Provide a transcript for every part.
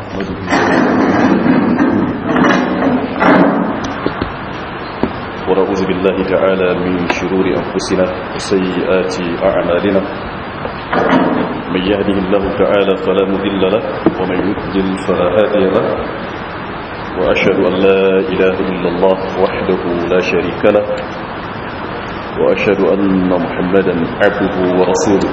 نحمده ونعوذ بالله تعالى من شرور أنفسنا وسيئات أعمالنا من يهده الله تعالى فلا مذل له ومن يذل فلا هادي له وأشهد أن لا إله إلا الله وحده لا شريك له وأشهد أن محمدا عبده ورسوله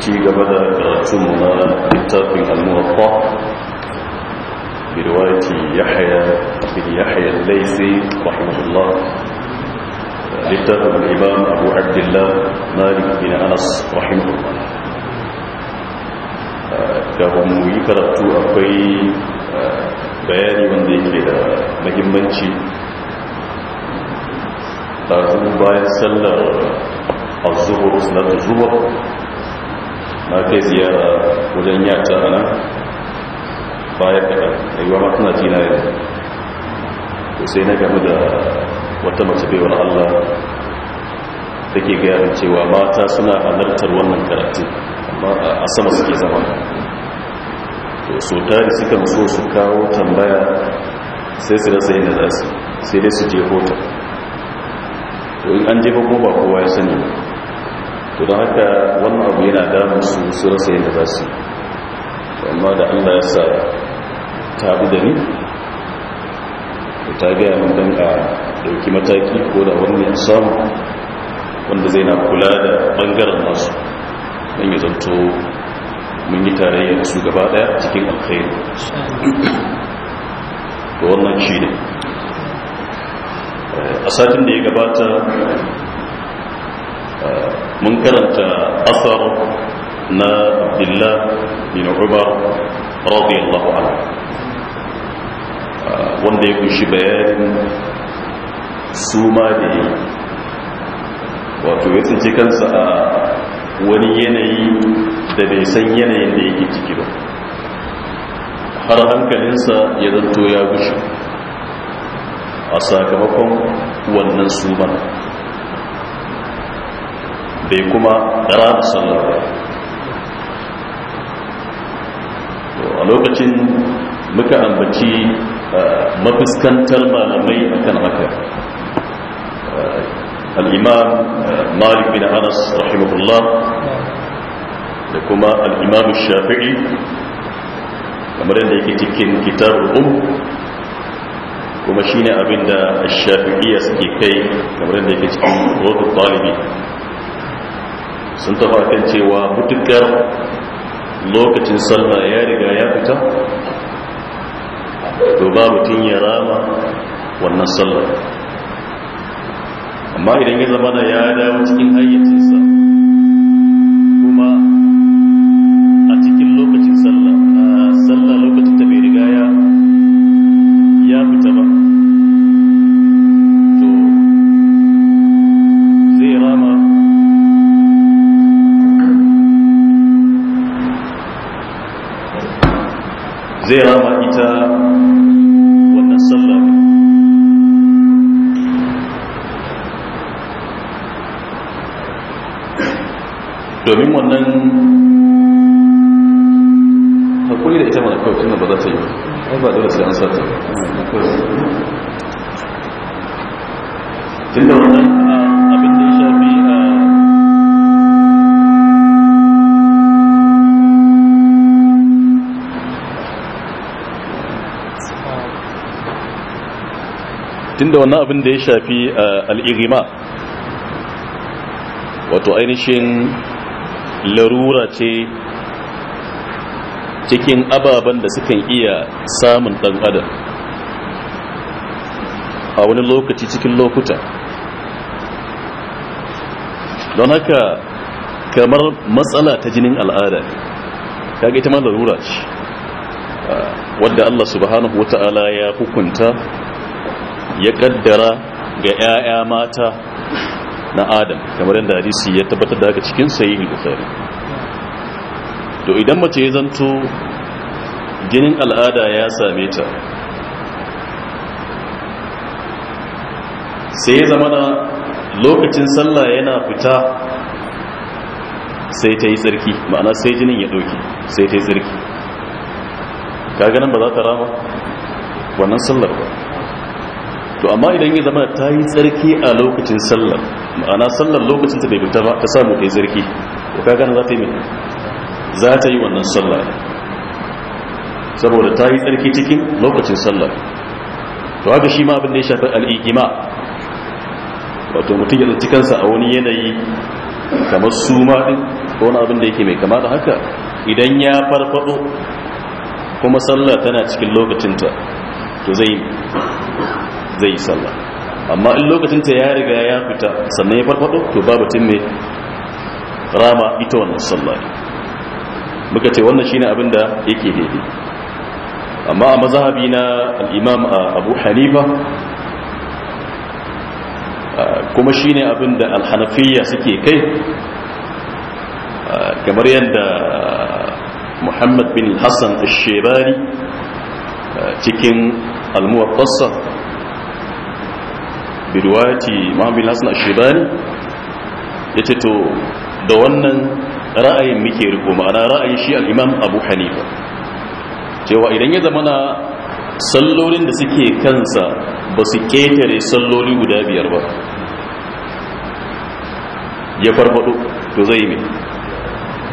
ci gaba da karatunmu na littafin al-muwatta bi riwayati yahya bin yahya al-laysi rahimahullah littafin al-imam abu abdullah malik bin anas rahimahullah da mu yi karatu akwai bayani wanda yake da muhimmanci ɗazu bayan sallar azuhur na zuwa na kai ziyara wajen yata a nan kada kaɗan rayuwa ma jina yanzu sai na gami da wata mace baiwar allah ke gaya cewa mata suna halartar wannan karatu amma a sama suke zama to so tari suka so su kawo tambaya sai su rasa yadda za su sai dai su je hota to in an jefa ko ba kowa ya sani to don haka wannan abu yana damun su su rasa yadda za su amma da allah ya sa ta bi da ni ta gaya min don a ɗauki mataki ko da wani ya samu wanda zai na kula da bangaren masu don yi zanto mun yi tarayya da su gaba daya cikin alkhairu da wannan shi ne eh, a satin da ya gabata mun karanta asar na abdullah bin umar radiyallahu anhu wanda ya kunshi bayanin suma da yi wato ya tsinci kansa a wani yanayi da bai san yanayin da yake ciki ba har hankalinsa ya zanto ya gushi a sakamakon wannan suman bai kuma rama sallar ba a lokacin muka ambaci uh, mafiskantar malamai akan haka uh, al'imam uh, malik bin anas rahimahullah da kuma al'imam shafi'i kamar yadda yake cikin kitar um kuma shine abinda shafi'iyya suke kai kamar yadda yake cikin rotu talibi sun tafa kan cewa mutukar lokacin sallah ya riga ya fita to ba mutum ya rama wannan sallah amma idan ya zama da ya dawo cikin hayyacinsa da wannan abin da ya shafi eh, al'irima wato ainihin larura ce cikin ababen da sukan iya samun ɗan adam a wani lokaci cikin lokuta don haka kamar matsala ta jinin al'ada ga ita ma larura ce eh, wadda Allah subhanahu ta'ala ya hukunta ya kaddara ga 'ya'ya mata na adam kamar yadda hadisi ya tabbatar da haka cikin sayi bukhari to idan mace ya zanto ginin al'ada ya same ta sai ya zama na lokacin sallah yana fita sai ta yi tsarki ma'ana sai jinin ya ɗauki sai ta yi tsarki kaganan ba za ta rama wannan sallar ba to amma idan ya zama ta yi tsarki a lokacin sallar ma'ana sallar lokacin ta bai ba ta samu kai tsarki to ka gana za ta yi mai za ta yi wannan sallar saboda ta yi tsarki cikin lokacin sallar to haka shi ma abin da ya shafi al'igima wato mutum ya tsanci kansa a wani yanayi kamar suma ɗin ko wani abin da yake mai kama da haka idan ya farfado kuma sallah tana cikin lokacinta to zai zai yi sallah amma in lokacin ta ya riga ya fita sannan ya farfado to babu tun rama ita wannan sallah muka ce wannan shine abin da yake daidai amma a mazhabi na al-imam Abu Hanifa kuma shine abin da al-Hanafiyya suke kai kamar yadda Muhammad bin Hassan al shebari cikin al-Muwattasa biduwati mahabbin hassan ashebani ya ce to da wannan ra'ayin muke riko ma'ana ra'ayin shi al'imam abu hanifa cewa idan ya zama na sallolin da suke kansa ba su ketare salloli guda biyar ba ya farfado to zai mai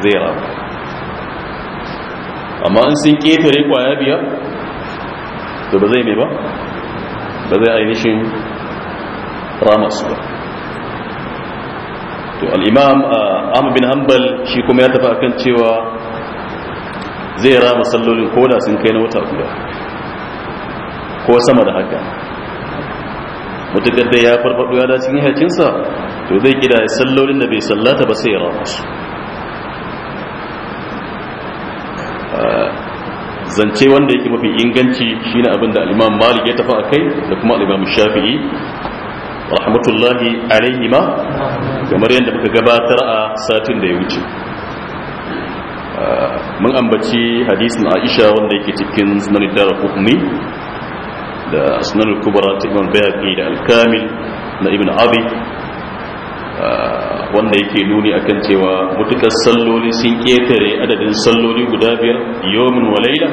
zai rabu amma an sun ketare kwaya biyar to ba zai mai ba ba zai ainihin rama su to al'imam uh, ahmad bin hanbal shi kuma ya tafi akan cewa zai rama sallolin koda sun kai na wata guda ko sama da haka mutukar da ya farfado ya dace hayacinsa to zai kida ya sallolin da bai sallata ba sai ya rama su uh, zance wanda yake mafi inganci shine abinda da al-Imam Malik ya tafi akai da kuma al-Imam Shafi'i rahmatullahi alaihi ma kamar yadda muka gabatar a satin da ya wuce ah, mun ambaci hadisin aisha wanda yake cikin sunan dara da sunan kubra ta imam bayaki da alkamil na ibn abi ah, wanda yake nuni akan cewa mutukar salloli sun ketare adadin salloli guda biyar yomin walaila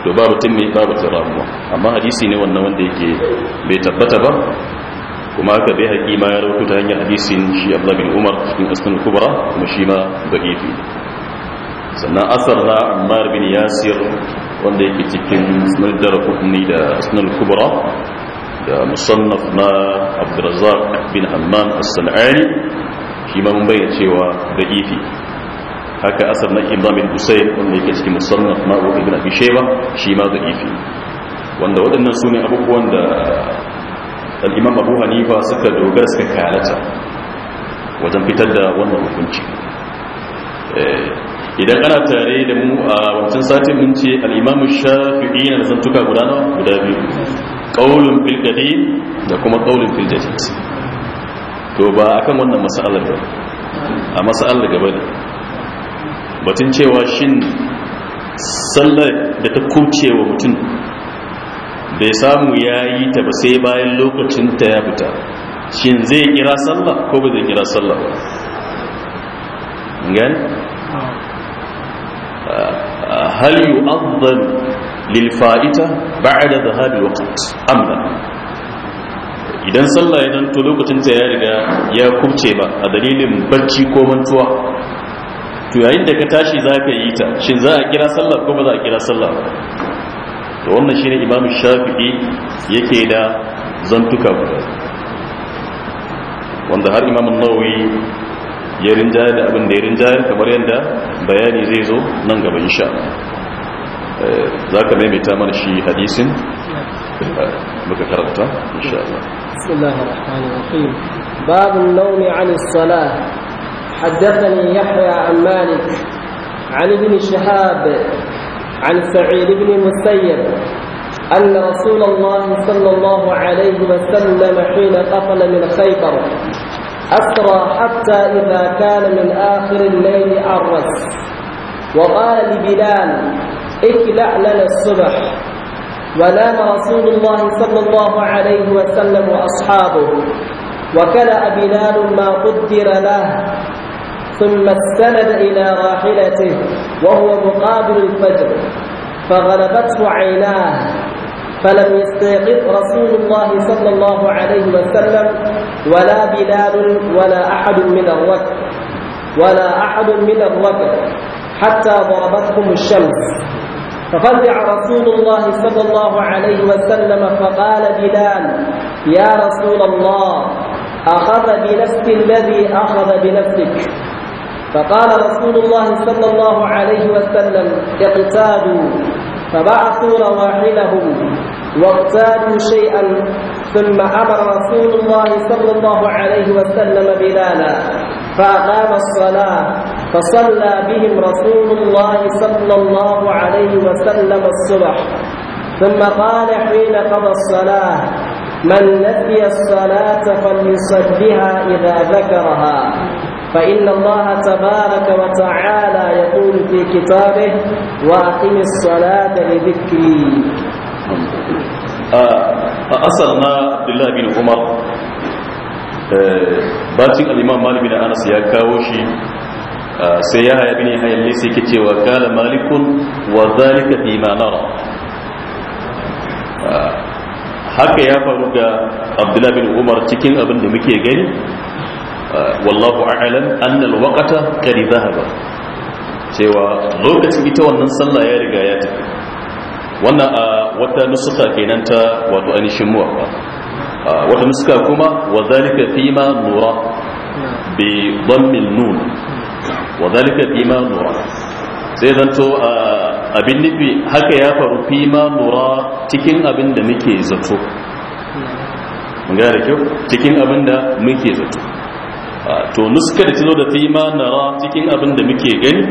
to babu tun mai babu ramuwa amma hadisi ne wannan wanda yake bai tabbata ba kuma aka bai haƙi ma ya rautu ta hanyar hadisin shi abla bin umar cikin asnan kubra kuma shi ma da'ifi sannan asar na ammar bin yasir wanda yake cikin sunan darakutni da asnan kubra da musannaf na abdurazak bin hamman as-sana'ani shi ma mun bayyana cewa da'ifi haka asar na imam bin husayn wanda yake cikin musannaf na abu ibn abi shi ma da'ifi wanda waɗannan su ne abubuwan da al'imam abu hanifa suka dogara suka kalata wajen fitar da wannan hukunci eh, idan ana tare da mu a wancan satin mun ce al'imamu shafi'i na da guda gudana guda biyu ƙaunin filgadi da kuma ƙaunin filgadi to ba akan wannan masa'alar ba a masa'alar gaba ne batun cewa shin sallar da ta kuce wa mutum bai samu ya yi ta ba sai bayan lokacin ta ya fita shin zai kira sallah ko ba zai kira sallah ba gani? hal yu'adhdhan lil fa'ita ba'da da waqt amma idan sallah ya danto lokacin ta ya riga ya kubce ba a dalilin barci ko mantuwa to yayin da ka tashi za ka yi ta shin za a kira sallah ko ba za a kira sallah to wannan shine imamu shafi'i yake da zantuka guda wanda har imamu nawawi ya rinjaya da abin da ya rinjaya kamar yadda bayani zai zo nan gaba insha za ka maimaita mana shi hadisin muka karanta insha Allah bismillahir rahmanir rahim babun nawmi 'ala as-salah حدثني يحيى عن مالك عن ابن شهاب عن سعيد بن المسيب أن رسول الله صلى الله عليه وسلم حين قفل من خيبر أسرى حتى إذا كان من آخر الليل أرس وقال لبلال اكلأ لنا الصبح ونام رسول الله صلى الله عليه وسلم وأصحابه وكلأ بلال ما قدر له ثم استند إلى راحلته وهو مقابل الفجر فغلبته عيناه فلم يستيقظ رسول الله صلى الله عليه وسلم ولا بلال ولا أحد من الركب ولا أحد من الركب حتى ضربتهم الشمس ففزع رسول الله صلى الله عليه وسلم فقال بلال يا رسول الله أخذ بنفس الذي أخذ بنفسك فقال رسول الله صلى الله عليه وسلم اقتادوا فبعثوا رواحلهم واقتادوا شيئا ثم امر رسول الله صلى الله عليه وسلم بلالا فاقام الصلاه فصلى بهم رسول الله صلى الله عليه وسلم الصبح ثم قال حين قضى الصلاه من نسي الصلاه فليصلها اذا ذكرها فإن الله تبارك وتعالى يقول في كتابه وأقم الصلاة لذكري أصلنا بالله بن عمر bacin al'imam malami da anas ya kawo shi sai ya haya bini hayan lisa yake cewa kala malikun wa zalika fi haka ya faru ga abdullahi bin umar cikin abinda muke gani wallahu a'lam anna alwaqta qad dhahaba cewa lokacin ita wannan sallah ya riga ya tafi wannan a wata nusuka kenan ta wato ainihin muwaffa wata nusuka kuma wa zalika fima nura bi dhammil nun wa zalika fima nura sai zanto abin nufi haka ya faru fima nura cikin abin da muke zato mun ga da kyau cikin abin da muke zato Ah, to nuskar da ta zo da ta yi ma nara cikin abin da muke gani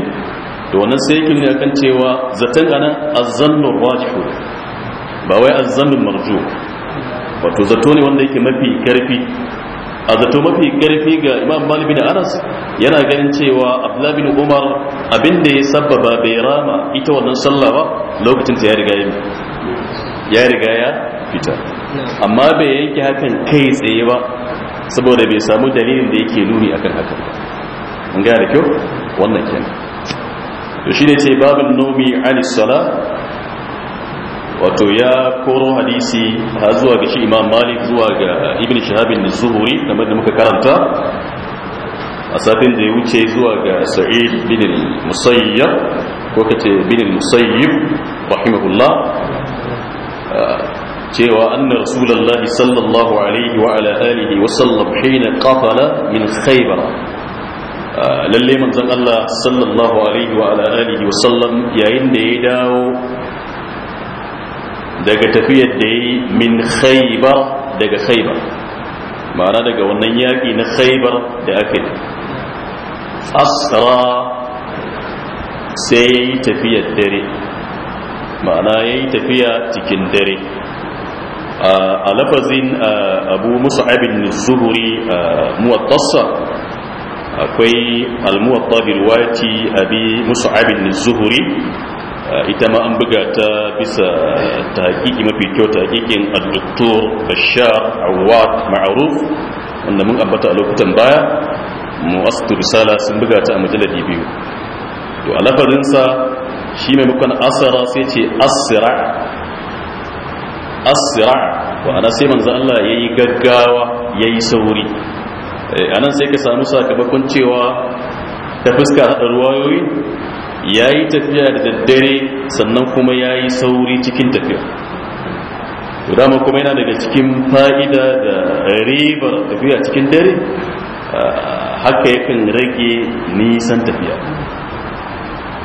da wannan sai yake ne akan cewa zaton anan azzannur rajihu ba wai azzannur marju wato zato ne wanda yake mafi karfi a zato mafi karfi ga imam malik bin anas yana ganin cewa abdullah bin umar abin da ya sabbaba bai rama ita wannan sallah ba lokacin ta ya riga ya riga ya fita amma bai yanke hakan kai tsaye ba saboda bai samu dalilin da yake nuni akan haka an gane kyau wannan kenan to shine ce babun nomi ali sala wato ya koro hadisi ha zuwa ga shi imam malik zuwa ga ibn shahabin zuhuri kamar da muka karanta a satin da ya wuce zuwa ga sa'id bin musayyab ko kace bin musayyib rahimahullah cewa anna rasulallah sallallahu alaihi wa ala alihi wa sallam hina qatala min khaybar ah, lalle manzon Allah sallallahu alaihi wa ala alihi wa sallam yayin da ya dawo daga tafiyar da yi min khaybar daga khaybar ma'ana daga wannan yaki na khaybar da aka yi asra sai ya tafiyar dare ma'ana ya yi tafiya cikin dare a lafazin abu musa abin zuhuri muwattasa akwai almuwatta birwati abi musa abin zuhuri ita ma an buga ta bisa taƙiƙi mafi kyau taƙiƙin al duktor bashar awad ma'aruf wanda mun ambata a lokutan baya mu'astu risala sun buga ta a majaladi biyu to a lafazinsa shi maimakon asara sai ce asira asira wa ana sai manzo Allah yayi gaggawa yayi sauri eh, anan sai ka samu sakamakon cewa ta fuska hada ruwayoyi yayi tafiya da daddare sannan kuma yayi sauri cikin tafiya dama kuma yana daga cikin fa'ida da ribar tafiya cikin dare ah, haka yakan rage nisan tafiya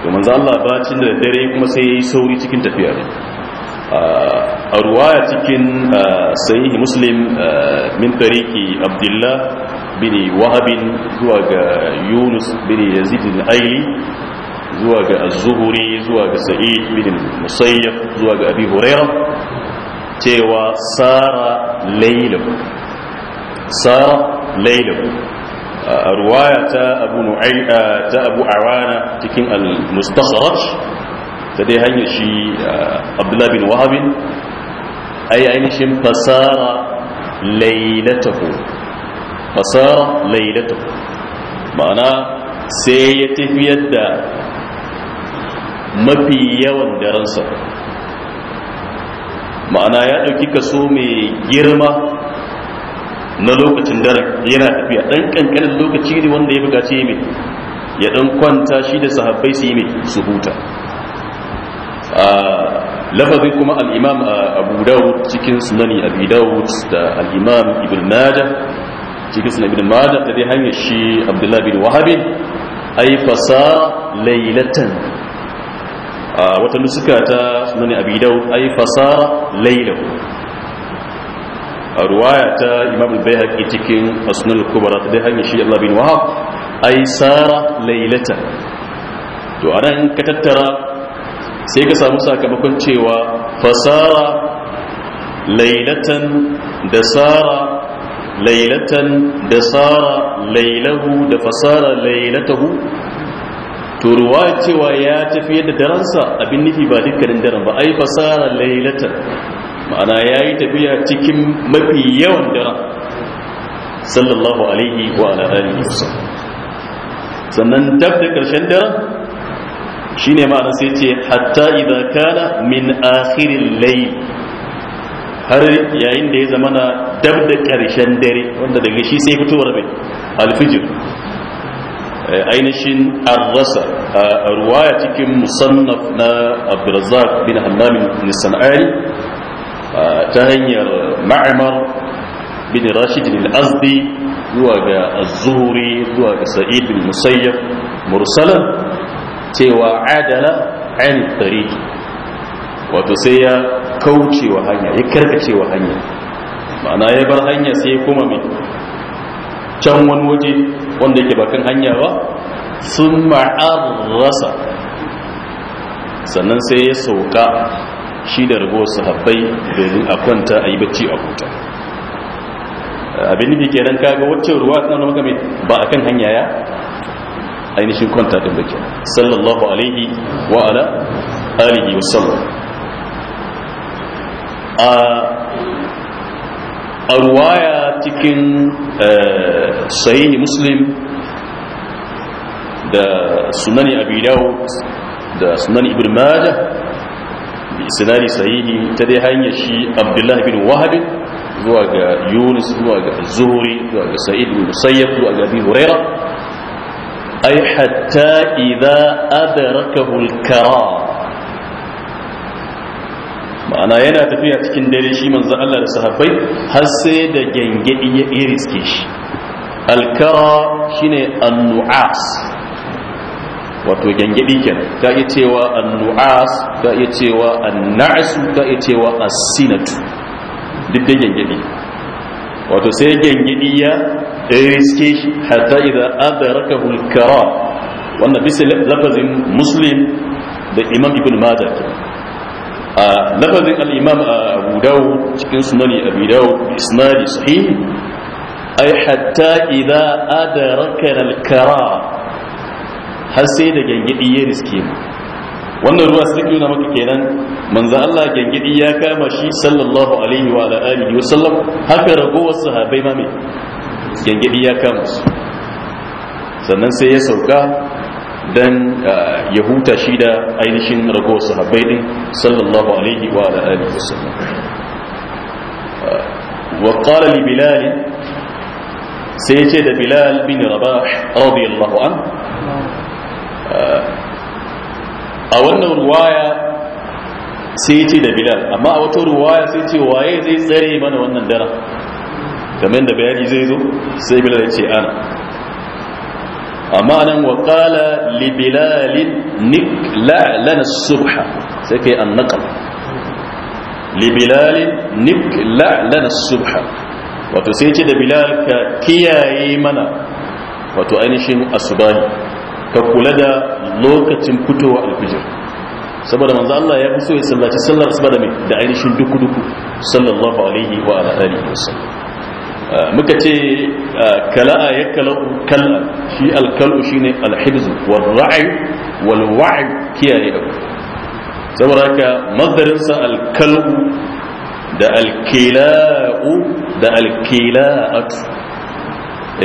to manzo Allah bacin da dare kuma sai yayi sauri cikin tafiya ah, a ruwaya cikin uh, sahihi muslim uh, min tariki abdullah bin wahabin zuwa ga yunus bin yazid bin aili zuwa ga az-zuhri zuwa ga sa'id bin musayyab zuwa ga abi hurairah cewa sara laylu sara laylu ruwaya ta abu nu'ay uh, ta abu awana cikin al-mustakhraj ta dai hanyar shi abdullah bin wahabin ai ainihin fasara lailatahu fasara lailatahu ma'ana sai ya tafiyar da mafi yawan daransa ma'ana ya ɗauki kaso mai girma na lokacin daren yana tafiya ɗan ƙanƙanin lokaci ne wanda ya buƙaci mai ya ɗan kwanta shi da sahabbai su yi mai su huta lafazin kuma al'imam uh, abu dawud cikin sunani abu dawud da al'imam ibn maja cikin sunan ibn maja ta dai hanyar shi abdullahi bin wahabi ai fasa lailatan a wata nusuka ta sunani abu dawud ai fasa lailahu a ruwaya ta imam al-bayhaqi cikin asnul kubra ta dai hanyar shi allah bin wahab ai sara lailatan to anan ka tattara sai ka samu sakamakon cewa fasara lailatan da sara lailatan da sara lailahu da fasara lailatahu to ruwa cewa ya tafi yadda daransa abin nufi ba dukkanin daren ba ai fasara lailatan ma'ana ya yi tafiya cikin mafi yawan daren sallallahu alaihi wa ala alihi sannan dab da karshen daren shine ma'ana sai ce hatta idza kana min akhiril layl har yayin da ya zama na dab da karshen dare wanda daga shi sai fitowar mai alfijir ainihin arrasa a ruwaya cikin musannaf na abdurrazzaq bin hammam bin sana'ari ta hanyar ma'amar bin rashid bin azdi zuwa ga azuri zuwa ga sa'id bin musayyab mursalan cewa adala an tariki wato sai ya kauce wa hanya ya karkace wa hanya ma'ana ya bar hanya sai kuma mai can wani waje wanda yake bakan hanya ba sun ma'arrasa sannan sai ya sauka shi da rago su haɓai domin a kwanta a bacci a kuta abin da ke nan kaga wacce ruwa tana maka mai ba a kan hanya ya ainihin kwanta din bakin sallallahu alaihi wa ala alihi wa sallam a ruwaya cikin sahihi muslim da sunani abi dawo da sunani ibn majah bi sunani sahihi ta dai hanyar shi abdullahi bin wahab zuwa ga yunus zuwa ga zuhri zuwa ga sa'id bin musayyab zuwa ga abi hurairah ai hatta idza adrakahu al-karam ma'ana yana tafiya cikin dare shi manzo Allah da sahabbai har sai da gengedi alkara shine annu'as wato gengedi kenan ka iya cewa annu'as ka iya cewa annasu ka iya cewa as-sinatu duk da gengedi wato sai gangidi ya riske shi hatta idza adrakahu al-kara wannan bisa lafazin muslim da imam ibn majah a lafazin al-imam abu dawud cikin sunani abu dawud isnadi sahih ay hatta idza adraka al-kara har sai da gangidi ya riske mu wannan ruwa sun nuna maka kenan manzo Allah gangidi ya kama shi sallallahu alaihi wa ala alihi wa sallam haka ragowar sahabbai ma me gangidi ya kama su sannan sai ya sauka dan ah, ya huta shi da ainihin ragowar sahabbai din sallallahu alaihi wa ala alihi wa sallam ah, wa qala li bilal sai ya ce da bilal bin rabah radiyallahu anhu ah, a wannan ruwaya sai ce da bilal amma a wata ruwaya sai ce waye zai tsare mana wannan dara, kamar da bayani zai zo sai bilal ya ce ana amma nan wa qala li bilalin nik la lana subha sai kai an naqal li bilalin nik la lana subha wato sai ce da bilal ka kiyaye mana wato ainihin asubahi ka kula da lokacin fitowa alfijir saboda manzo Allah ya so ya sallaci sallar asuba da da ainihin duku duku sallallahu alaihi wa ala alihi wasallam ah, muka ce ah, kala'a ya kala'u kal'a shi alkal'u shine alhibzu wal ra'i wal wa'i kiyaye abu saboda haka mazdarin sa alkal'u da alkila'u da alkila'atu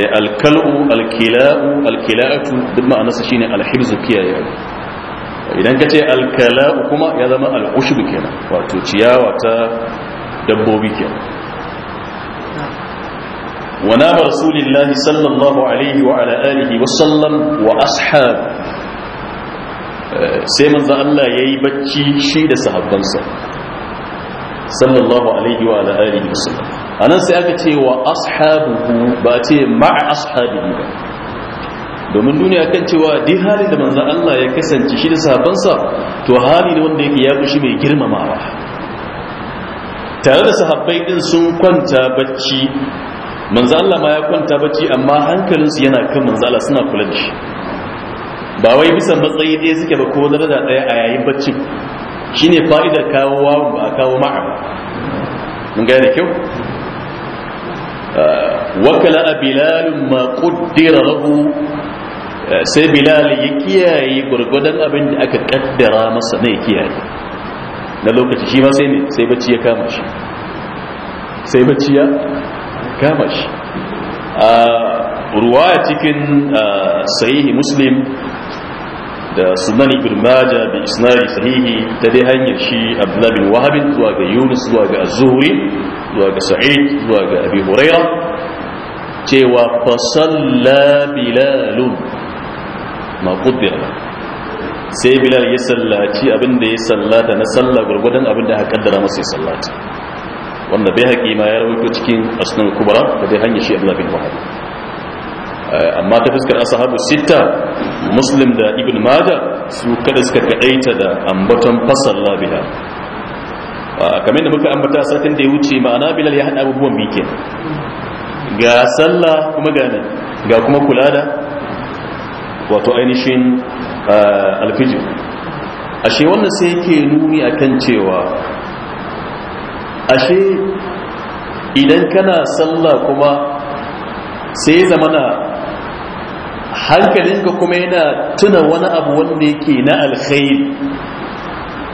Eh, alkal'u alkila'u alkila'atu duk ma'anarsa shine alhibzu kiyaye idan ka ce alkala'u kuma ya zama al'ushub kenan wato ciyawa ta dabbobi kenan wa na rasulillahi sallallahu alaihi wa ala alihi wa sallam wa ashab eh, sai manzo Allah yayi bacci shi da sahabbansa sallallahu alaihi wa alihi wasallam anan sai aka ce wa ashabuhu ba ce ma'a ashabihi ba domin duniya kan cewa duk hali da manzo Allah ya kasance shi da sahabbansa to hali ne wanda yake ya kushi mai girmamawa tare da sahabbai din sun kwanta bacci manzo Allah ma ya kwanta bacci amma hankalinsu yana kan manzo Allah suna kula da shi ba wai bisa matsayi ɗaya suke ba ko daraja ɗaya a yayin baccin shine fa'idar kawo wawun ba a kawo ma'a Mun mun gane kyau uh, wakala a bilalun ma kuddira lahu uh, sai bilal ya kiyaye gurgudan abin da aka kaddara masa ne kiyaye na lokaci shi ma sai ne sai bacci ya kama shi sai bacci ya kama shi uh, Ruwaya ruwa cikin sahihi muslim da sunan ibn maja bi isnadi sahihi ta dai hanyar shi abdullahi bin wahab zuwa ga yunus zuwa ga azuri zuwa ga sa'id zuwa ga abi huraira cewa fasalla bilal ma qaddara sai bilal ya sallaci abinda ya sallata na salla gurgudan abinda aka kaddara masa ya sallata wanda bai haƙi ma ya rawaito cikin asnan kubara da dai hanyar shi abdullahi bin wahab Eh, amma ta fuskar ashabu sita muslim da ibn majah su kada suka kaita da ambaton fasalla biha ah, kamar da muka ambata satin da ya wuce ma'ana bilal ya hada abubuwan bikin ga sallah kuma ga ga kuma kula da wato ainihin ah, alfijir ashe wannan sai yake nuni akan cewa ashe idan kana sallah kuma sai zamana hankalinka kuma yana tuna wani abu wanda yake na alkhairi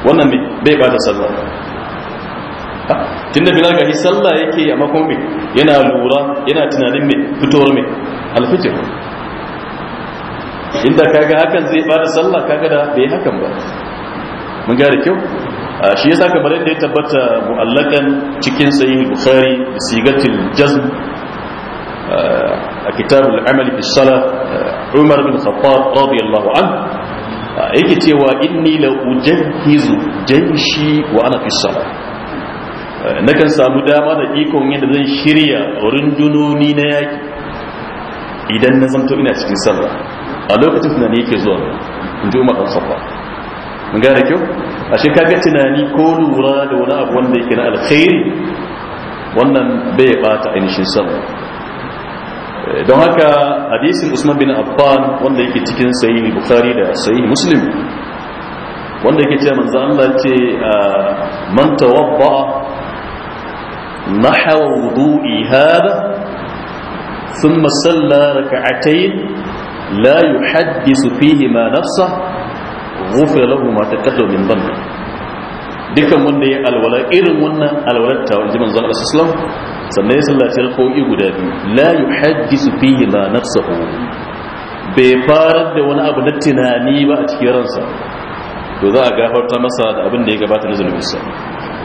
wannan bai ba da sallah tunda bilal gashi sallah yake a makon me yana lura yana tunanin me fitowar me alfitir inda kaga hakan zai ba da sallah kaga da bai hakan ba mun da kyau shi yasa kamar yadda ya tabbata mu'allakan cikin sahih bukhari da sigatil jazm كتاب العمل في الصلاة عمر بن الخطاب رضي الله عنه يكتي وإني لأجهز جيشي وأنا في الصلاة نكن سامدى ماذا إيكم عند ذن شريا ورن جنوني نياك إذا نزمت إنا سكي صلاة ألوك تفنى نيك زون من جو عمر بن خطار من قال لكم أشياء كابتنا نيكون ورادونا أبوان ديكنا الخير wannan bai bata ainihin sallah Eh, don haka hadisin usman bin affan wanda yake cikin sayi bukhari da sayi muslim wanda yake ce manzo Allah ce ah, man tawadda nahwa wudu'i hada thumma salla rak'atayn la yuhaddisu fihi ma nafsa ghufira lahu ma taqaddama min dhanbi dukkan wanda ya alwala irin wannan alwalar ta wanda manzo Allah sallallahu alaihi wasallam sannan ya sallaci raka'o'i guda biyu la yuhaddisu fihi ma nafsuhu bai farar da wani abu na tunani ba a cikin ransa to za a gafarta masa da abin da ya gabata na zunubinsa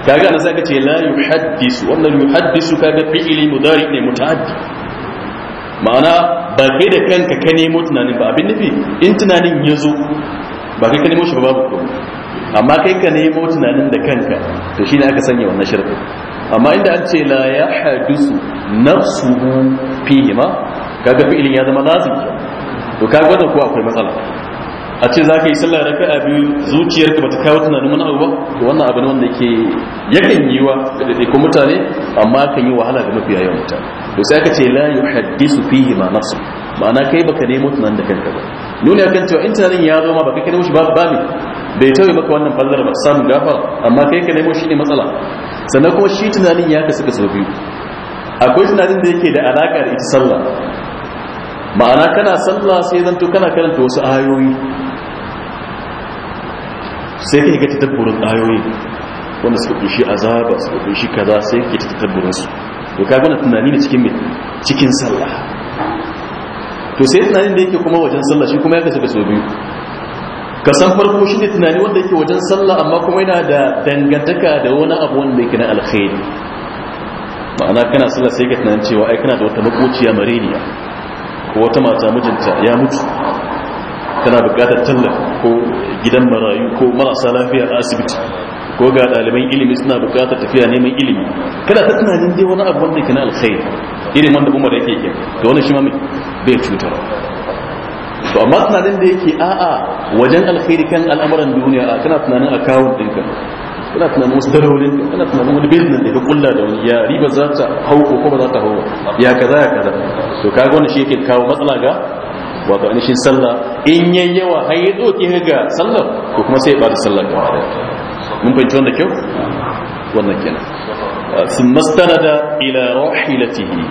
kaga ana saka ce la yuhaddisu wannan yuhaddisu kaga mu mudari ne mutaddi ma'ana ba kai da kanka ka nemo tunanin ba abin nufi in tunanin ya zo ba kai ka nemo shi ba babu komai amma kai ka nemo tunanin da kanka to shine aka sanya wannan shirkin amma inda an ce la ya hadisu nafsu fihima ma kaga fi'ilin ya zama lazim to kaga wannan ko akwai matsala a ce za ka yi sallah raka'a biyu zuciyarka bata kawo tunanin wani abu ba to wannan abu ne wanda yake yakan yi wa ko mutane amma kan yi wahala ga mafiya yawan mutane to sai aka ce la yuhaddisu fihi ma nafsu ma'ana kai baka nemo tunanin da kanka ba nuni akan cewa intanin ya zo ma baka kai nemo shi ba ba bai tauye maka wannan fallar ba samun gafa amma kai ka nemo shi ne matsala sannan kuma shi tunanin ya kasu kasu biyu akwai tunanin da yake da alaƙa da ita sallah ma'ana kana sallah sai zanto kana karanta wasu ayoyi sai ka ga tattaburin ayoyi wanda suka kunshi azaba suka kunshi kaza sai ka ta tadabburin su to ka gana tunani da cikin cikin sallah to sai tunanin da yake kuma wajen sallah shi kuma ya kasu kasu biyu Ka san farko shi ne tunani wanda yake wajen sallah amma kuma yana da dangantaka da wani abu wanda yake na alkhairi ma'ana kana sallah sai ka tunani cewa ai kana da wata makociya mareniya ko wata mata mijinta ya mutu tana buƙatar tallafi ko gidan marayu ko marasa lafiya a asibiti ko ga ɗaliban ilimi suna buƙatar tafiya neman ilimi kana ta tunanin dai wani abu wanda yake na alkhairi irin wanda umar yake yi to wani shi ma bai cutar to amma tunanin da yake a'a wajen alkhairi kan al'amuran duniya a kana tunanin akawun ɗinka kana tunanin wasu darolin ka kana tunanin wani business da ka kulla da wani ya riba za ta hau ko kuma za ta hau ya kaza ya kaza to kaga wannan shi yake kawo matsala ga wato shi sallah in yayi yawa har ya doke ga sallar ko kuma sai ya bada sallar ga wani mun fahimci wanda kyau wannan kenan sun mastanada ila rahilatihi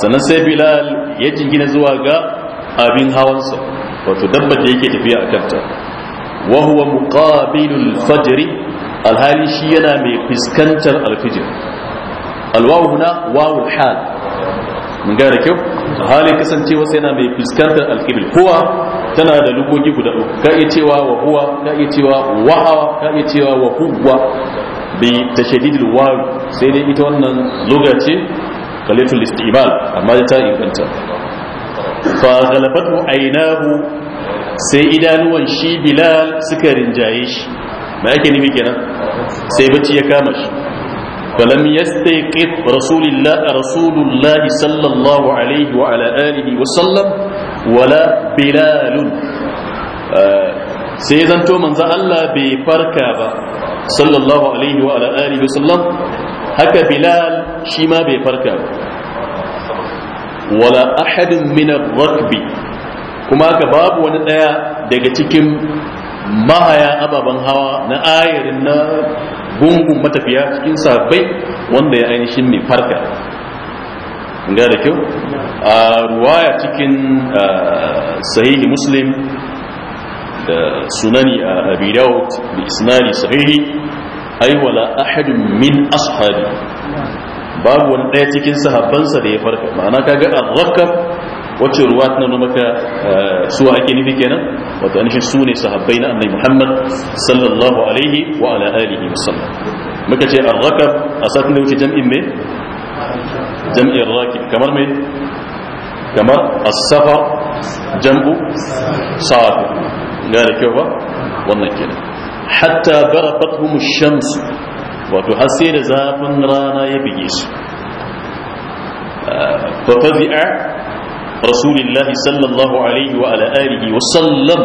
sannan sai bilal ya jingina zuwa ga abin hawansa wato dabbar da yake tafiya a kanta wa huwa muqabilul fajr alhali shi yana mai fuskantar alfijir alwawu huna wawul hal mun gane kyau halin kasancewa sai yana mai fuskantar alqibil huwa tana da lugogi guda uku ka iya cewa wa huwa ka iya cewa wa hawa ka iya cewa wa huwa bi tashaddidil waw sai dai ita wannan luga ce qalitul istimal amma ta inganta fa ghalabatu aynahu sai idanuwan shi bilal suka rinjaye shi me yake nufi kenan sai bacci ya kama shi falam yastayqid rasulullah rasulullah sallallahu alaihi wa ala wa sallam wala bilal sai zanto manzo Allah bai farka ba sallallahu alaihi wa ala wa haka bilal shi ma bai farka ba wala ahadin min rakbi kuma ka babu wani ɗaya daga cikin mahaya ababen hawa na ayarin na gungun matafiya cikin sabai wanda ya ainihin ne farka ga da kyau a ruwaya cikin sahihi muslim da sunani a abi da isnadi sahihi ai wala ahadin min ashabi babu wani ɗaya cikin sahabbansa da ya farka ma'ana kaga al-rakkab wacce ruwa na nuna maka su ake nufi kenan wato an shi su ne sahabbai na annabi Muhammad sallallahu alaihi wa ala alihi wa sallam muka ce al-rakkab a satin da wuce jam'in mai jam'in raki kamar mai kamar as-safa jam'u sa'ad ga da kyau ba wannan kenan hatta baraqatuhum ash-shams wato har sai da zafin rana ya bige su fa fadi'a rasulullah sallallahu alaihi wa ala alihi wa sallam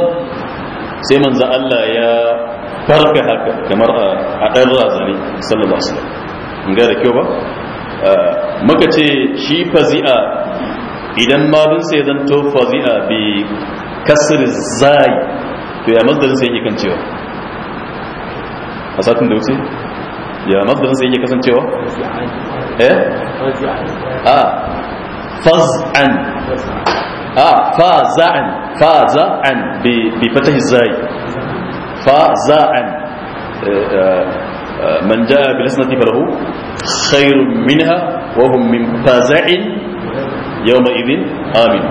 sai manzo Allah ya farka haka kamar a dan razani sallallahu alaihi wasallam ga da kyau ba muka ce shi fazi'a idan mabin sai zan zanto fazi'a bi kasr zai to ya masdarin sai yake kan cewa a satin da wuce ya masdarin sai yake kasancewa eh a faz'an a faza'an faza'an bi fatahi zai faza'an من جاء بالحسنة فله خير منها وهم من فزع يومئذ آمن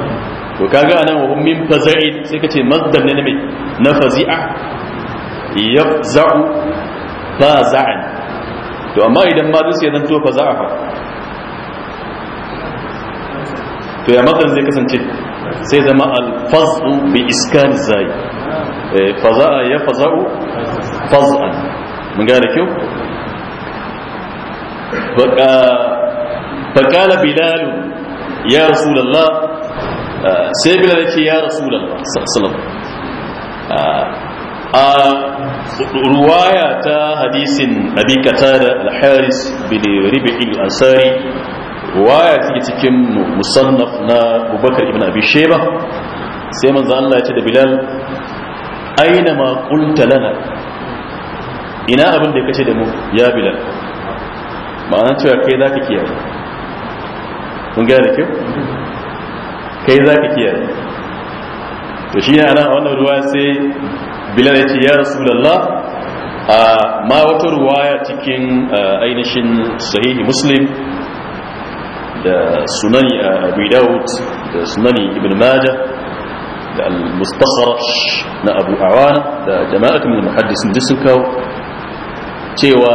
وكاغا أنا وهم من فزع سيكتي مصدر ننمي نفزع يفزع فازعا to amma idan ma zai zan to fa za a fa to ya matan zai kasance sai zama alfazu bi iskan zai eh, faza'a ya faza'u faz'an mun gane kyau faƙala bilalu ya rasulallah eh, sai bilal ya ce ya rasulallah sallallahu a ruwaya ta hadisin abi qatada al-haris bin rib'i al-ansari ruwaya take cikin musannaf na Abubakar ibn Abi Shayba sai manzo Allah ya ce da Bilal aina ma qulta lana ina abin da kace da mu ya Bilal ma'ana cewa kai zaka kiyaye kun ga da kyau kai zaka kiyaye to shi ne ana wannan ruwa sai bilal ya ce ya rasulallah ma wata ruwaya cikin ainihin sahihi muslim da sunani abu daud da sunani ibn majah da al-mustasar na abu awana da jama'atun min muhaddisin duk sun kawo cewa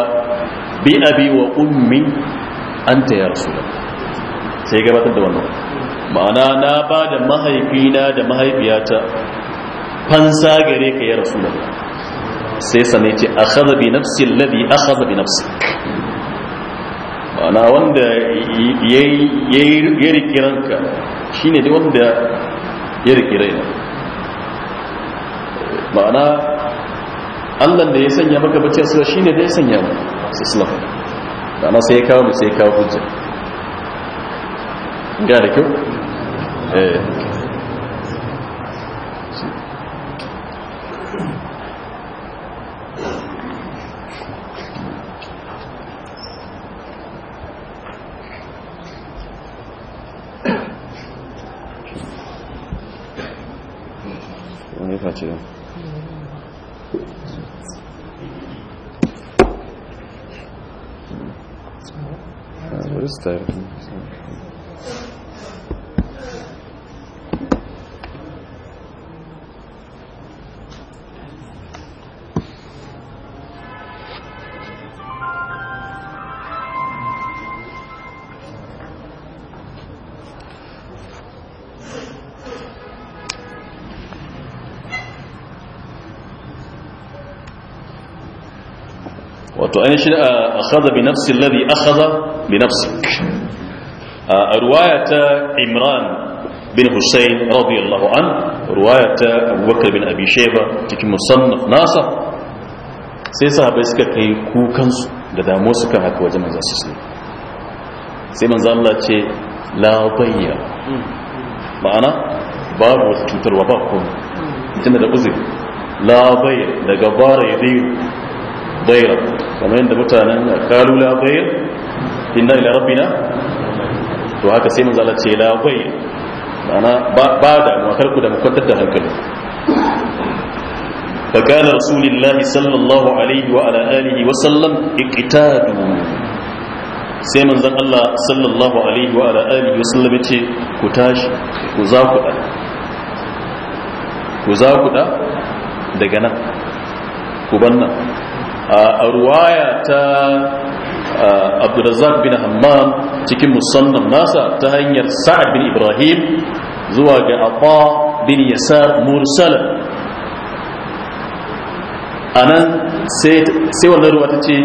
bi abi wa ummi anta ya rasulallah sai gabatar da wannan ma'ana na ba da mahaifina da mahaifiyata fansa gare ka ya rasu sai sa ce a haza bi nafsi a haza bi nafsi wanda ya riki ranka shi ne wanda ya riki raina ma'ana allan da ya sanya maka bacci a shi ne da ya sanya maka sai ma'ana sai ya kawo mu sai ya kawo hujja ga da kyau eh. сломать ее. Выставим. wato an shi akhadha bi nafsi alladhi akhadha bi nafsik a ruwaya ta imran bin husayn radiyallahu an ruwaya ta abubakar bin abi shayba cikin musannaf nasa sai sahabbai suka kai kukansu da damu su kan haka wajen manzo sallallahu alaihi sai manzo Allah ce la bayya ma'ana babu wata cutarwa ba komai tunda da uzuri la bayya daga bara yadayu bayra kamar yadda mutanen kalu la ghayr inna ila rabbina to haka sai mun Allah ce la ghayr ma'ana ba da mu kar ku da mu kwantar da hankali فكان رسول الله صلى الله عليه وعلى آله وسلم اقتادوا sai manzon Allah sallallahu alaihi wa ala alihi wa sallam yace ku tashi ku za ku da ku za ku da daga nan ku ban nan a ruwaya ta abdurazak bin hammam cikin musamman nasa ta hanyar sa'ad bin ibrahim zuwa ga abba bin yasar mursala a nan sai wannan ruwa ta ce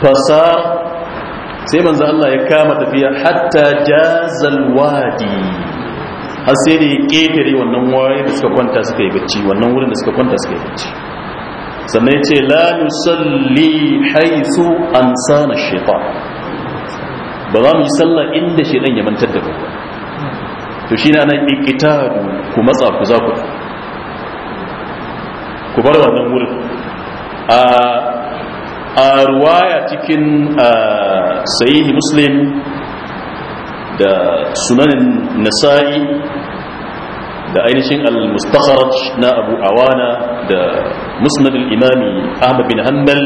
fasa sai manzan Allah ya kama tafiya hatta jazal wadi har sai da ya ƙetare wannan wayar da suka kwanta suka yi bacci wannan wurin da suka kwanta suka yi bacci sannan ya ce la haisu haithu an sana shaitan ba za mu yi sallah inda shaitan ya mantar da mu to shi ne nan ikitadu ku matsa ku za ku ku bar wannan wurin a ruwaya cikin sahihi muslim da sunanin nasa'i da ainihin al-mustakharaj na abu awana da musnad al-imami ahmad bin hanbal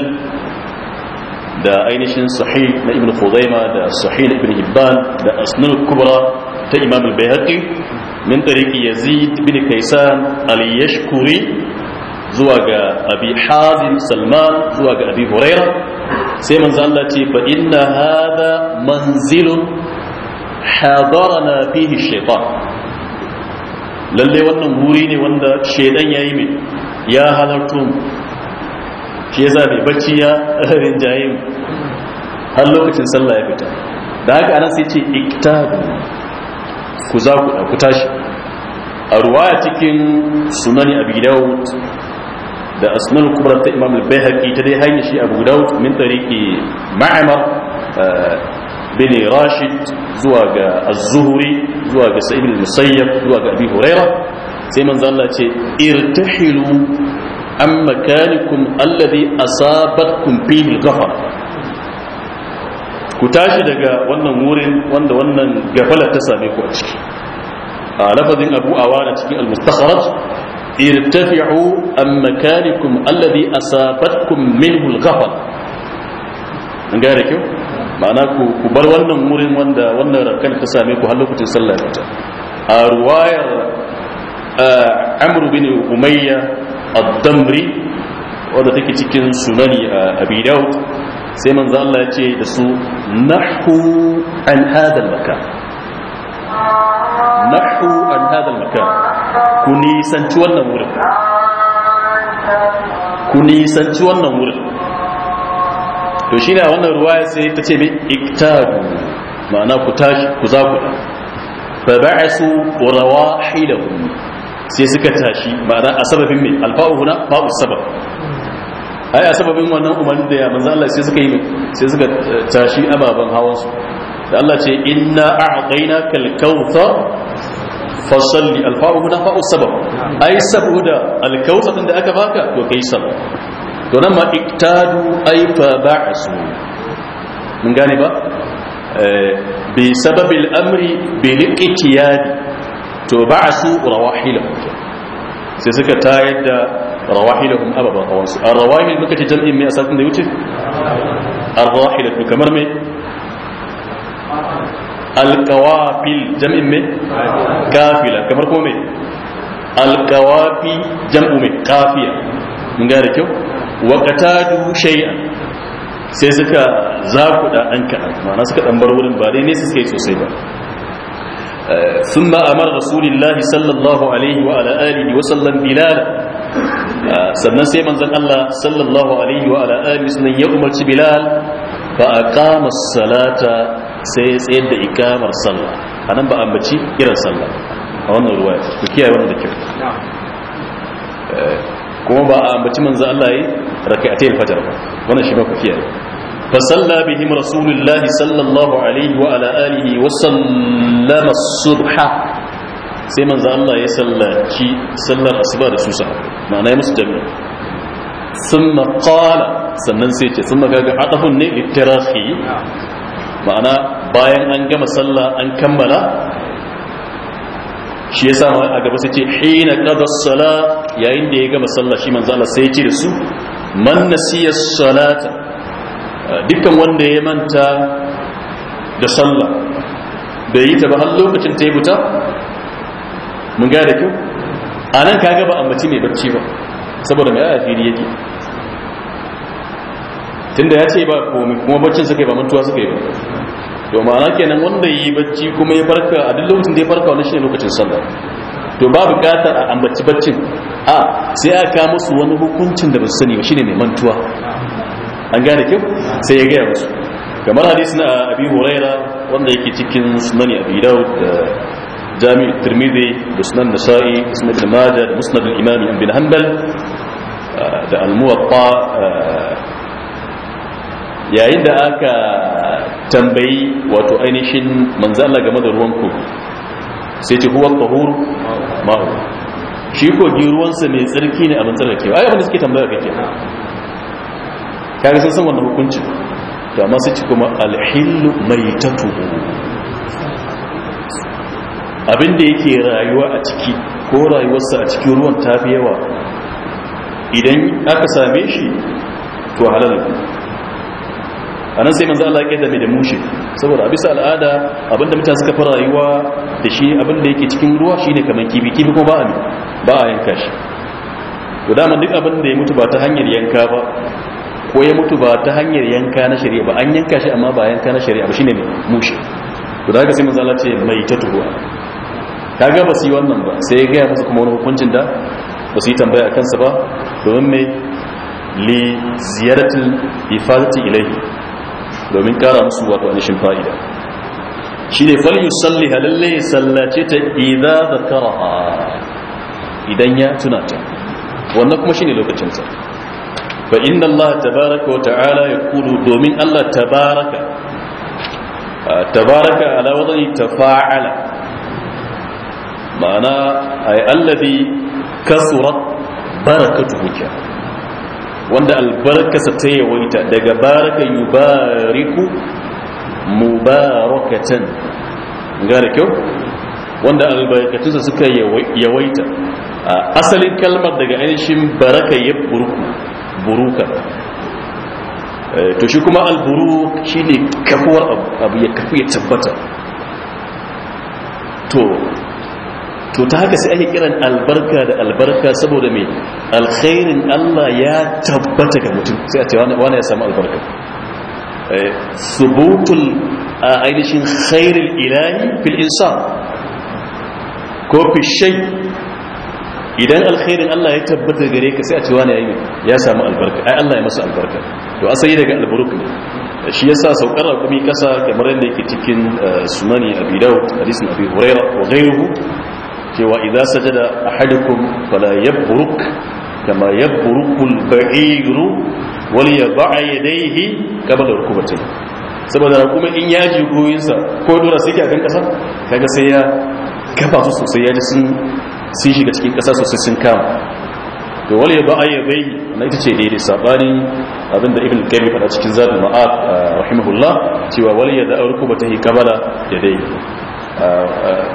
da ainihin sahih na ibn fudayma da sahih na ibn hibban da asnul kubra ta imam al-bayhaqi min tariqi yazid bin kaysan al-yashkuri zuwa ga abi hazim salman zuwa ga abi huraira sai manzo Allah ce fa inna hadha manzilun hadarna fihi shaytan lalle wannan wuri ne wanda shedan yayi mai ya halartu shi ya mai bacci ya rinjaye jayi har lokacin sallah ya fita da haka anan sai ce iktabu ku za ku ku tashi a ruwaya cikin sunani abi dawud da asmanu kubra ta imam al haƙi ta dai hanya shi abu min tariqi ma'amar eh, bin rashid zuwa ga az zuwa ga musayyab zuwa ga abi huraira sai manzo Allah ce irtahilu makanikum alladhi asabatkum fihi ghafar ku tashi daga wannan wurin wanda wannan gafala ta same ku a ciki a lafazin abu awana cikin al-mustakhraj irtafi'u an makanikum alladhi asabatkum minhu al-ghafar an gane kyau ma'ana ku bar wannan wurin wanda wannan rakan ta same ku har lokacin sallah ya fita a ruwayar eh, amru bin umayya ad-damri wanda take cikin sunani a eh, abi daud sai manzo Allah ya ce da su nahu an hada al-makan nahu an hada al-makan ku nisanci wannan wurin ku nisanci wannan wurin to shi na wannan ruwaya sai ta ce mai iktadu ma'ana ku tashi ku za ku rawa ba'asu rawahilahum sai suka tashi ma'ana a sababin mai alfa'u huna ba'u sabab ai a sababin wannan umarni da ya manzo Allah sai suka yi sai suka eh, tashi ababan hawan su da Allah ce inna a kal kawthar fasalli alfa'u huna ba'u sabab ai da al kawthar da aka baka to kai sabab to nan ma iktadu ay fa ba'su mun gane ba bi sababil amri bi iqtiyad to ba'su rawahilahum sai suka tayar da rawahilahum ababan hawansu ar-rawahil muka ce jami'in mai asalin da wuce ar-rawahilatu kamar mai alkawafil jami'in mai kafila kamar kuma mai alkawafi jam'u mai kafiya mun gane kyau wa qatadu shay'an sai suka zakuda dan kadan ma'ana suka dan bar wurin ba dai ne suka yi sosai ba Sun أمر رسول الله صلى الله عليه وعلى آله وسلم Bilal. Eh, sannan sai manzon Allah sallallahu alaihi wa ala alihi sunan ya umarci Bilal Ba a kama salata sai ya tsayar da ikamar sallah anan ba ambaci irin sallah a wannan ruwaya ku kiyaye wannan da kyau kuma ba a ambaci manzo Allah yi rak'atay al-fajr ba wannan shi ba ku kiyaye fa salla bihim rasulullahi sallallahu alaihi wa ala alihi wa sallama subha sai manzo Allah ya sallaci sallar asuba da su sahabbai ma'ana ya musu jami'a thumma qala sannan sai ce thumma kaga adafun ne littirahi ma'ana bayan an gama sallah an kammala shi yasa a gaba sai ce hina qada sala yayin da ya gama sallah shi manzo Allah sai ya ce da su man nasiya salata dukkan wanda ya manta da sallah bai yi ta ba har lokacin ta yi buta mun ga da kyau a nan ka gaba ambaci mai bacci ba saboda mai aya fili yake tunda ya ce ba komai kuma baccin suka yi ba mantuwa suka yi ba to ma'ana kenan wanda yi bacci kuma ya farka a duk lokacin da ya farka wani shi ne lokacin sallah to ba bukatar a ambaci baccin a sai a ka musu wani hukuncin da ba sani ba shine mai mantuwa an gane kyau sai ya gaya musu kamar hadisi na abi huraira wanda yake cikin sunan abi daud da jami tirmidhi da sunan nasa'i da sunan ibn majah da musnad al-imam ibn hanbal da al-muwatta yayin da aka tambayi wato ainihin manzala game da ruwanku, kogi sai ce huwa tahur ma'u shi kogi ruwansa mai tsarki ne a abin tsarkakewa ai abin da suke tambaya kake kaga sun san wannan hukuncin to amma sai ci kuma alhillu maitatuhu abin da yake rayuwa a ciki ko rayuwarsa a cikin ruwan tafi yawa idan aka same shi to halal a nan sai manzo Allah ya da mai da mushi saboda abisa al'ada abinda mutane suka fara rayuwa da shi abinda yake cikin ruwa shine kamar kibi kibi kuma ba a ba a yanka shi to dama duk abinda ya mutu ba ta hanyar yanka ba ko ya mutu ba ta hanyar yanka na shari'a ba an yanka shi amma ba yanka na shari'a ba shine mushi to da sai manzo Allah ce mai ta tuwa kaga ba su yi wannan ba sai ya gaya musu kuma wani hukuncin da ba su yi tambaya a kansa ba domin mai li ziyaratul ifadati ilayhi domin kara musu wato anishin fa'ida shi ne fal yusalli halalle ya sallace ta idza zakaraha idan ya tuna ta wannan kuma shi ne sa fa inna Allah tabaraka wa ta'ala yaqulu domin Allah tabaraka, tabaraka ala wadani tafa'ala ma'ana ay allazi kasurat barakatu kenan wanda albarkasa ta yawaita daga baraka yubariku mubarakatan gane kyau wanda albarkatunsa suka yawaita a asalin kalmar daga ainihin baraka ya buruku buruka eh, to shi kuma alburu shi ne kafuwar abu ya kafu ya tabbata to to ta haka sai ake kiran albarka da albarka saboda mai alkhairin Allah ya tabbata ga mutum sai a ce wani ya samu albarka eh, subutul a ainihin khairul ilahi fil insan ko fi shay idan alkhairin Allah ya tabbata gare ka sai a ce wani yayi ya samu albarka ai Allah ya masa albarka to asali daga albarka ne shi yasa saukar rakumi kasa kamar yadda yake cikin eh, sunani abi daud hadisin abi hurairah wa ghayruhu cewa idza sajada ahadukum fala yabruk kama yabrukul ba'iru wal yad'a yadayhi qabla rukubatay saboda kuma in yaji goyinsa ko dora sai ka kan kasa kaga sai ya kafa su sosai ya ji sun sun shiga cikin kasa sosai sun kama to wal yad'a yadayhi na ita ce daidai sabanin abinda ibn qayyim faɗa cikin zadul ma'ad rahimahullah cewa wal yad'a rukubatahi qabla yadayhi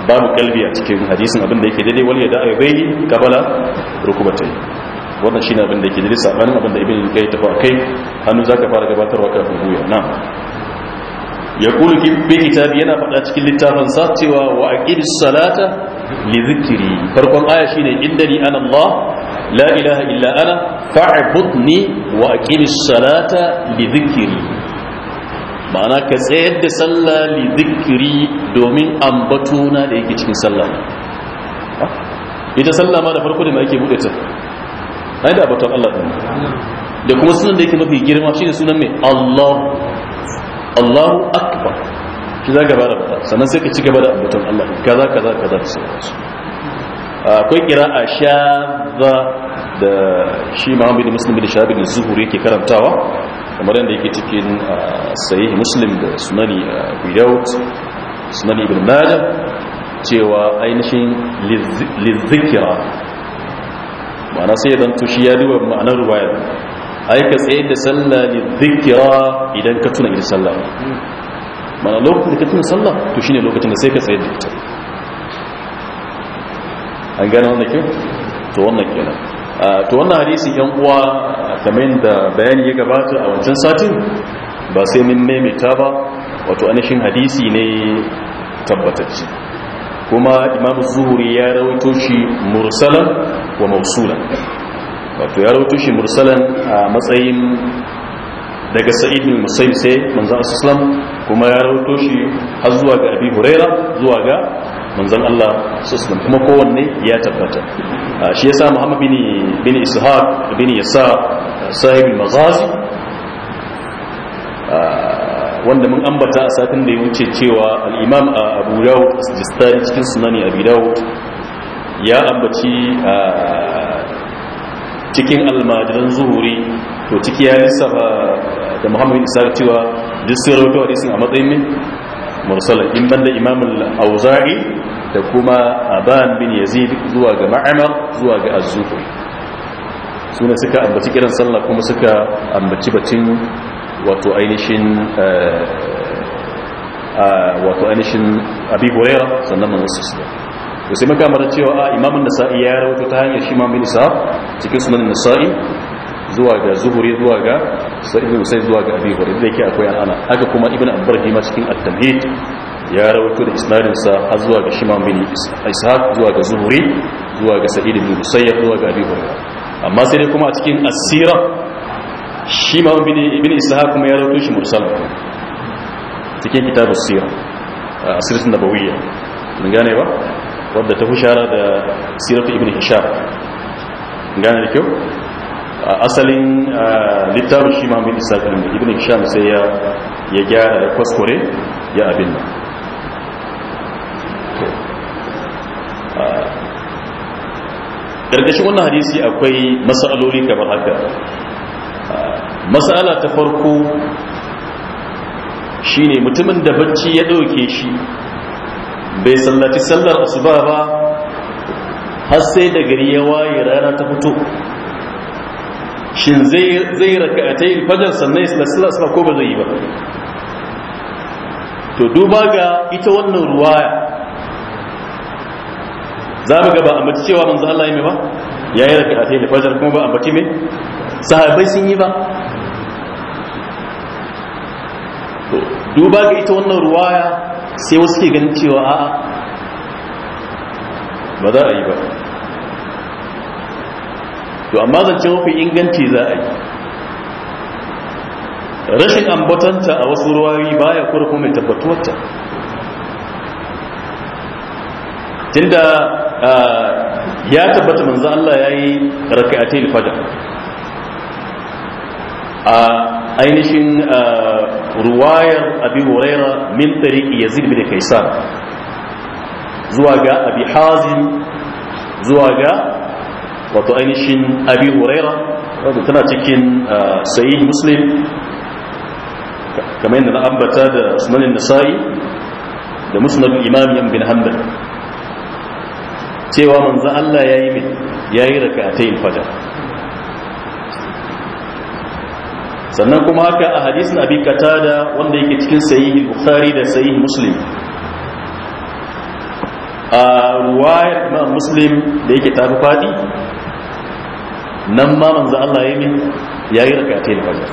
babu kalbi a cikin hadisin abin da yake daidai wal yada ayyubai kabala rukubatai wannan shine abin da yake daidai sabanin abin da ibn kai tafa kai hannu zaka fara gabatarwa kafin guya na ya kulu bi kitabi yana faɗa cikin littafin sa cewa wa aqimis salata li zikri farkon aya shine ni ana Allah la ilaha illa ana fa'budni wa aqimis salata li zikri ma'ana ka tsayar da sallah li zikiri domin na da yake cikin sallah ita sallah ma da farko da ma yake buɗe ta na yadda abaton Allah ɗan da kuma sunan da yake mafi girma shine sunan mai Allah Allah akbar shi za gaba da bata sannan sai ka ci gaba da abaton Allah kaza kaza kaza da sauransu akwai kira'a shadda da shi ma'amudin musulmi da bin da Zuhuri yake karantawa kamar yadda yake cikin uh, sahih muslim da sunani uh, without sunani ibn majah cewa ainihin lizzikira ma'ana sai zan tushi ya duba ma'anar ruwayar ai ka tsaye da sallah lizzikira idan ka tuna ita sallah ma'ana lokacin da ka tuna sallah to shine lokacin da sai ka tsaye da ita an gane wannan kyau to wannan kenan to wannan hadisi yan uwa kamar da bayani ya gabata a wancan satin ba sai min maimaita ba wato anishin hadisi ne tabbatacce kuma imam zuhuri ya rawaito shi mursalan wa mausulan wato ya rawaito shi mursalan a matsayin daga sa'id bin musayyib sai manzo sallallahu kuma ya rawaito shi har zuwa ga abi huraira zuwa ga manzon Allah sallallahu kuma kowanne ya tabbata shi yasa Muhammad bin bin Ishaq bin Yasa sahib al wanda mun ambata a satin da ya wuce cewa alimam a Abu Dawud as-Sistani cikin sunani Abu Dawud ya ambaci cikin almajiran zuhuri to ciki ya lissafa da Muhammad bin Ishaq cewa duk sun rawaito a matsayin mursalan in banda da al-Auza'i da kuma aban bin yazid zuwa ga ma'amar zuwa ga az-zuhri sune suka ambaci kiran sallah kuma suka ambaci batun wato ainihin eh, wato ainihin abi huraira sannan manzon sallallahu to sai maka mara cewa a imamun nasa'i ya rawaito ta hanyar shi mamun bin isa cikin sunan nasa'i zuwa ga zuhuri zuwa ga sa'id bin zuwa ga abi hurairah da yake akwai al'ana haka kuma Ibn abbar hima cikin at-tamhid ya rawaito da isnadinsa har zuwa ga shimam bin ishaq zuwa ga zuhri zuwa ga sa'id bin musayyab zuwa ga abi hurairah amma sai dai kuma a cikin asira shimam bin ibn ishaq kuma ya rawaito shi mursal cikin kitab asira sira asiratun nabawiyya mun gane ba wadda ta fushara da siratu ibn hisham gane da kyau asalin littafin shi bin mai ibn hisham sai ya ya gyara da kwaskure ya abin nan ƙarƙashin wannan hadisi akwai matsaloli kamar haka masala ta farko shine mutumin da bacci ya ɗauke shi bai sallaci sallar asuba ba har sai da gari ya waye rana ta fito shin zai raka a ta yi fajar sannan ya sallar asuba ko ba zai yi ba to duba ga ita wannan ruwaya za mu ga mace cewa manzan Allah ya mai ba ya yi a ta da fajar kuma ba mace mai sahabai sun yi ba duba ga ita wannan ruwaya sai wasu ke ganin cewa a'a ba za a yi ba to amma zancen mafi inganci za a yi rashin ambatanta a wasu ruwayoyi baya kurkuma mai tabbatuwarta tunda ah, ya tabbata manzo Allah yayi rak'atul fajr a ainihin ah, ruwayar abi huraira min tariqi yazid bin kaisar zuwa ga abi hazim zuwa ga wato ainihin abi huraira wato tana cikin ah, sahih muslim kamar yadda na ambata da sunanin nasa'i da musnad imam bin hanbal cewa manzan Allah ya yi min ya yi raka ta yin fajar sannan kuma haka a hadisin abin katada wanda yake cikin sayi bukhari da sayi muslim a ruwayar imam muslim da yake tafi fadi nan ma manzan Allah ya yi min ya yi raka ta yin fajar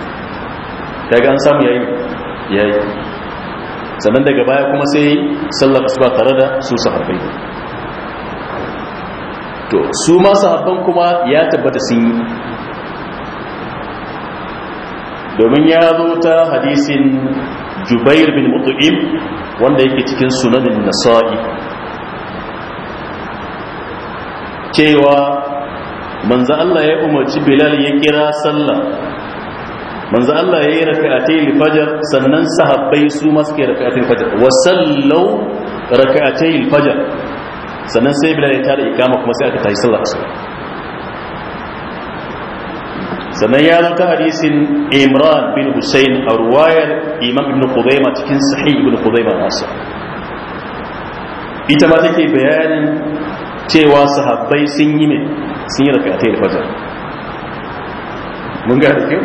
kaga an samu yayi yayi sannan daga baya kuma sai sallar asuba tare da su sahabbai to su ma sahabban kuma ya tabbata sun yi domin ya zo ta hadisin jubair bin mutu'im wanda yake cikin sunanin nasa'i cewa manzo Allah ya umarci Bilal ya kira sallah manzo Allah ya yi raka'atai al-fajr sannan sahabbai su ma suke raka'atai al-fajr wa sallu raka'atai al-fajr sannan sai bilal ya tada ikama kuma sai aka tashi sallar asuba sannan ya zo ta hadisin imran bin Hussein a ruwayar imam ibn khuzaima cikin sahih ibn khuzaima nasa ita ma take bayanin cewa sahabbai sun yi ne sun yi rakatai da fajar mun ga da kyau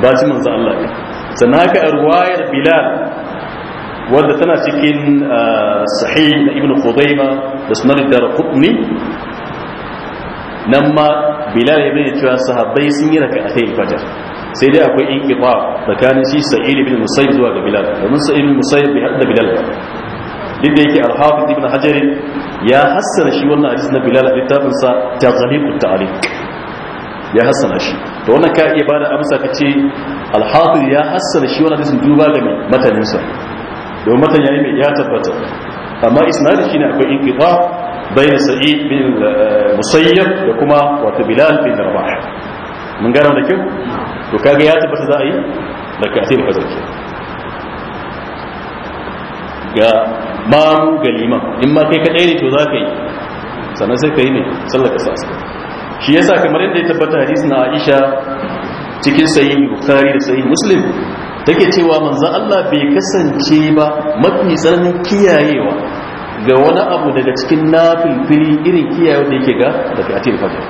ba ci manzo Allah ne sannan haka a ruwayar bilal wanda tana cikin uh, sahih na ibn khudaima da sunan darqutni nan ma bilal ibn cewa sahabbai sun yi raka'atai fajar sai dai akwai inqifa tsakanin shi sa'id ibn musayyib zuwa ga bilal domin sa'id ibn musayyib bai hadda bilal ba duk da yake al-hafiz ibn hajar ya hassana shi wannan hadisi na bilal a littafin sa tazaliqut ta'liq ya hassana shi to wannan ka iya bada amsa kace al-hafiz ya hassana shi wannan hadisin duba ga matanin sa domin matan yayi mai ya tabbata amma isnadin shine akwai inqita bayan sa'id bin eh, musayyab da kuma wato bilal bin rabah mun gano da kyau to kaga ya tabbata za a yi rakatin fajr ke ga mamu ga galima in ma kai ka ne to za ka yi sannan sai ka yi ne sallar ka sasa shi yasa kamar yadda ya tabbata hadisi na Aisha cikin sahih Bukhari da sahih Muslim take cewa manzan Allah bai kasance ba mafi tsananin kiyayewa ga wani abu daga cikin nafilfili irin kiyayewa da yake ga daga atil fajr eh,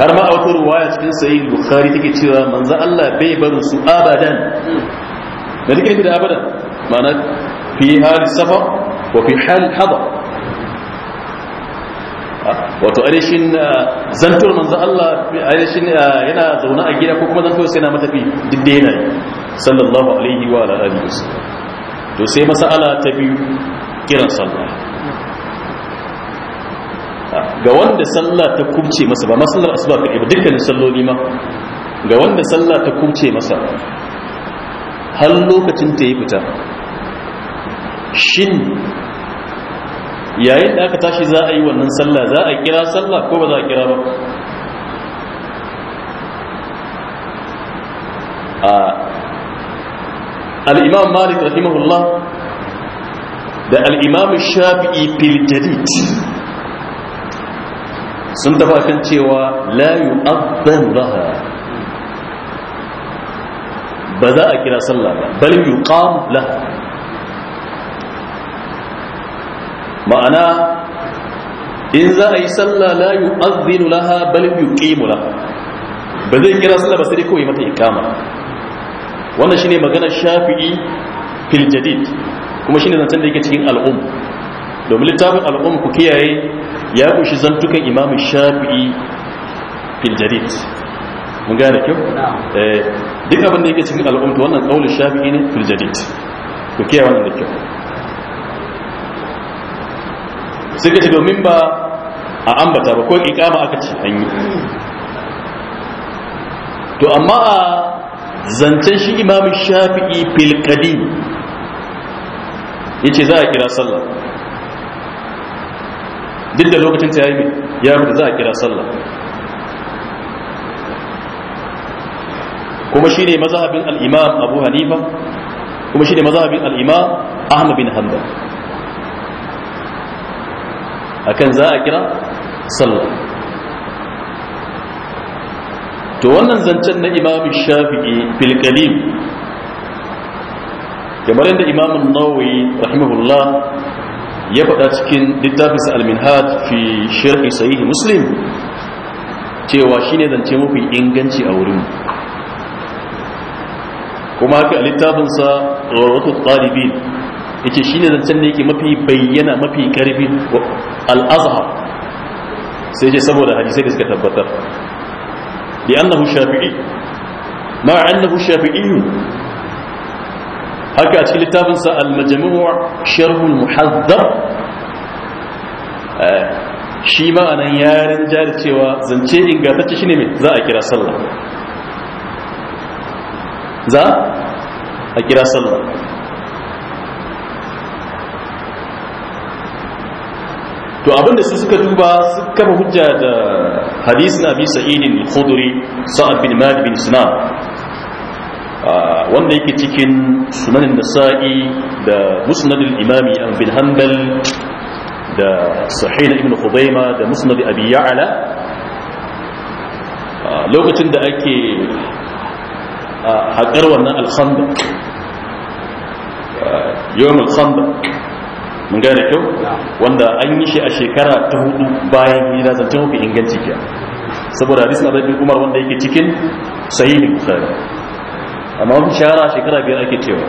har ma a wata cikin sayi bukhari take cewa manzan Allah bai barin su abadan da take da abadan ma'ana fi hali safa wa fi hali hada wato arishin uh, zantuwar manzan Allah arishin uh, yana zaune a gida ko kuma zantuwar sai na matafi duk da yana sallallahu alaihi wa alihi wasu to sai masala ta biyu kiran sallah ga wanda sallah ta kumce masa ba masallar asuba ka ba dukkanin salloli ma ga wanda sallah ta kumce masa har lokacin ta yi fita shin yayin da aka tashi za a yi wannan sallah za a kira sallah ko ba za a kira ba al'imam malik rahimahullah da al'imam shafi'i filjadid sun taba kan cewa layu abban zaha ba za a kira sallah ba bal yuqam laha ma'ana in za a yi sallah yi yu'adhdhinu laha bal yi laha ba zai kira sallah ba sai dai kawai mata ikama wannan shi ne magana shafi'i fil jadid kuma shine zancen da yake cikin al'um domin littafin al'um ku kiyaye ya kunshi zantukan imamu shafi'i fil jadid mun gane kyau eh, duk abin da yake cikin al'um to wannan kaulin shafi'i ne fil ku kiyaye wannan da kyau suka ce domin ba a ambata ba ko ikama aka ce an yi to amma a zancen shi imam shafi'i fil qadim yace za a kira sallah duk da lokacin ta yayi ya mutu za a kira sallah kuma shine mazhabin al-imam abu hanifa kuma shine mazhabin al-imam ahmad bin hanbal akan za a kira sallah to wannan zancen na imam shafi'i fil qalim kamar yadda imam an-nawawi rahimahullah ya faɗa cikin littafinsa al-minhaj fi sharhi sahih muslim cewa shine zance mafi inganci a wurin kuma haka a littafinsa rawatu talibin yace shine zancen da yake mafi bayyana mafi karfi al-azhar sai saboda hadisai da suka tabbatar bi annahu shafi'i ma annahu shafi'i haka a cikin littafin sa al-majmu' sharh al eh, shi ma anan yarin jari cewa zance ingantacce shine me za a kira sallah za a kira sallah to abinda su suka duba su kafa hujja da hadisin abi sa'idin khudri sa'ad bin malik bin sinan wanda yake cikin sunanin nasa'i da musnadul imami an bin hanbal da sahih ibn khudaima da musnad abi ya'la lokacin da ake haƙar wannan al-khandaq yawm al-khandaq mun gane kyau wanda an yi shi a shekara ta hudu bayan hijira zancen hukun inganci ke saboda hadisun abin umar wanda yake cikin sahihin bukhari amma wani shahara shekara biyar ake cewa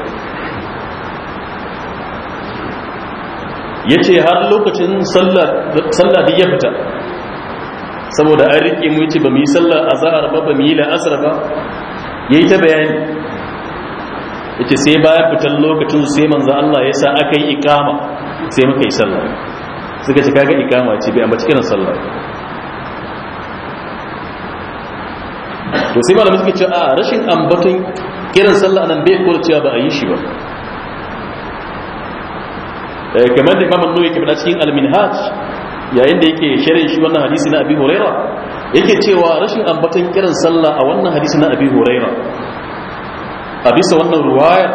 ya ce har lokacin sallah da ya fita saboda an riƙe mu ce ba mu yi sallah a zahar ba ba mu yi la'asar ba ya yi ta bayani ya ce sai bayan fitar lokacin sai manzo Allah ya sa aka yi ikama sai muka yi sallah suka ci kaga ikama ce bai ambaci kiran sallah to sai malamin suka ce a rashin ambaton kiran sallah nan bai kora cewa ba a yi shi ba eh, kamar da imam annawi kamar cikin al-minhaj yayin da yake sharhin shi wannan hadisi na abi huraira yake cewa rashin ambaton kiran sallah a wannan hadisi na abi huraira a bisa wannan ruwaya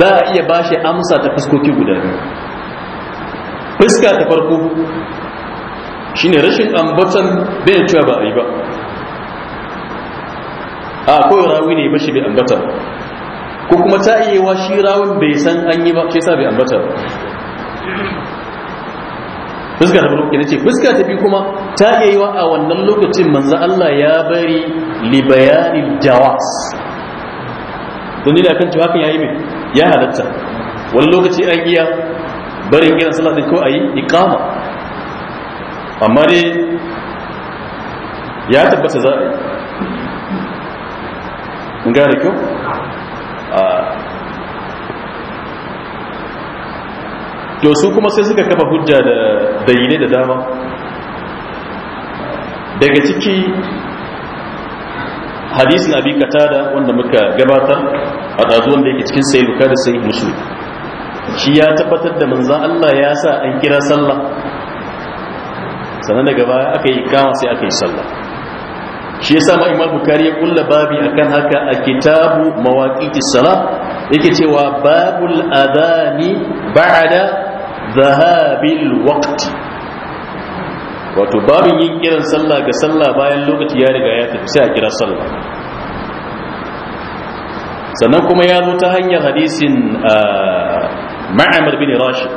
za a iya ba shi amsa ta fuskoki guda biyu fuska ta farko shine rashin ambatan bai cewa ba a yi ba a kawai rawi ne ba shi bai ambata ko kuma ta iyewa shi rawun bai san an yi ba shi sa bai ambata fuska ta farko ce fuska ta biyu kuma ta iyewa a wannan lokacin manzo Allah ya bari libayanin jawas don ni da kan cewa kan yayi mai ya halatta wani lokaci an iya barin irin sallah din ko ayi iqama amma dai ya tabbata za a yi kyau to su kuma sai suka kafa hujja da dalilai da dama daga ciki hadisin abi katada wanda muka gabatar a ɗazu wanda yake cikin sai buka sai musu shi ya tabbatar da manzan Allah ya sa an kira sallah sannan daga baya aka yi kama sai aka yi sallah shi ya sa imam bukari ya kulla babi akan haka a kitabu mawaƙiti sana yake cewa babul adani ba'ada zahabil waqti wato babin yin kiran sallah ga sallah bayan lokaci ya riga ya tafi sai a kira sallah sannan kuma ya zo ta hanyar hadisin ma'amar bin rashid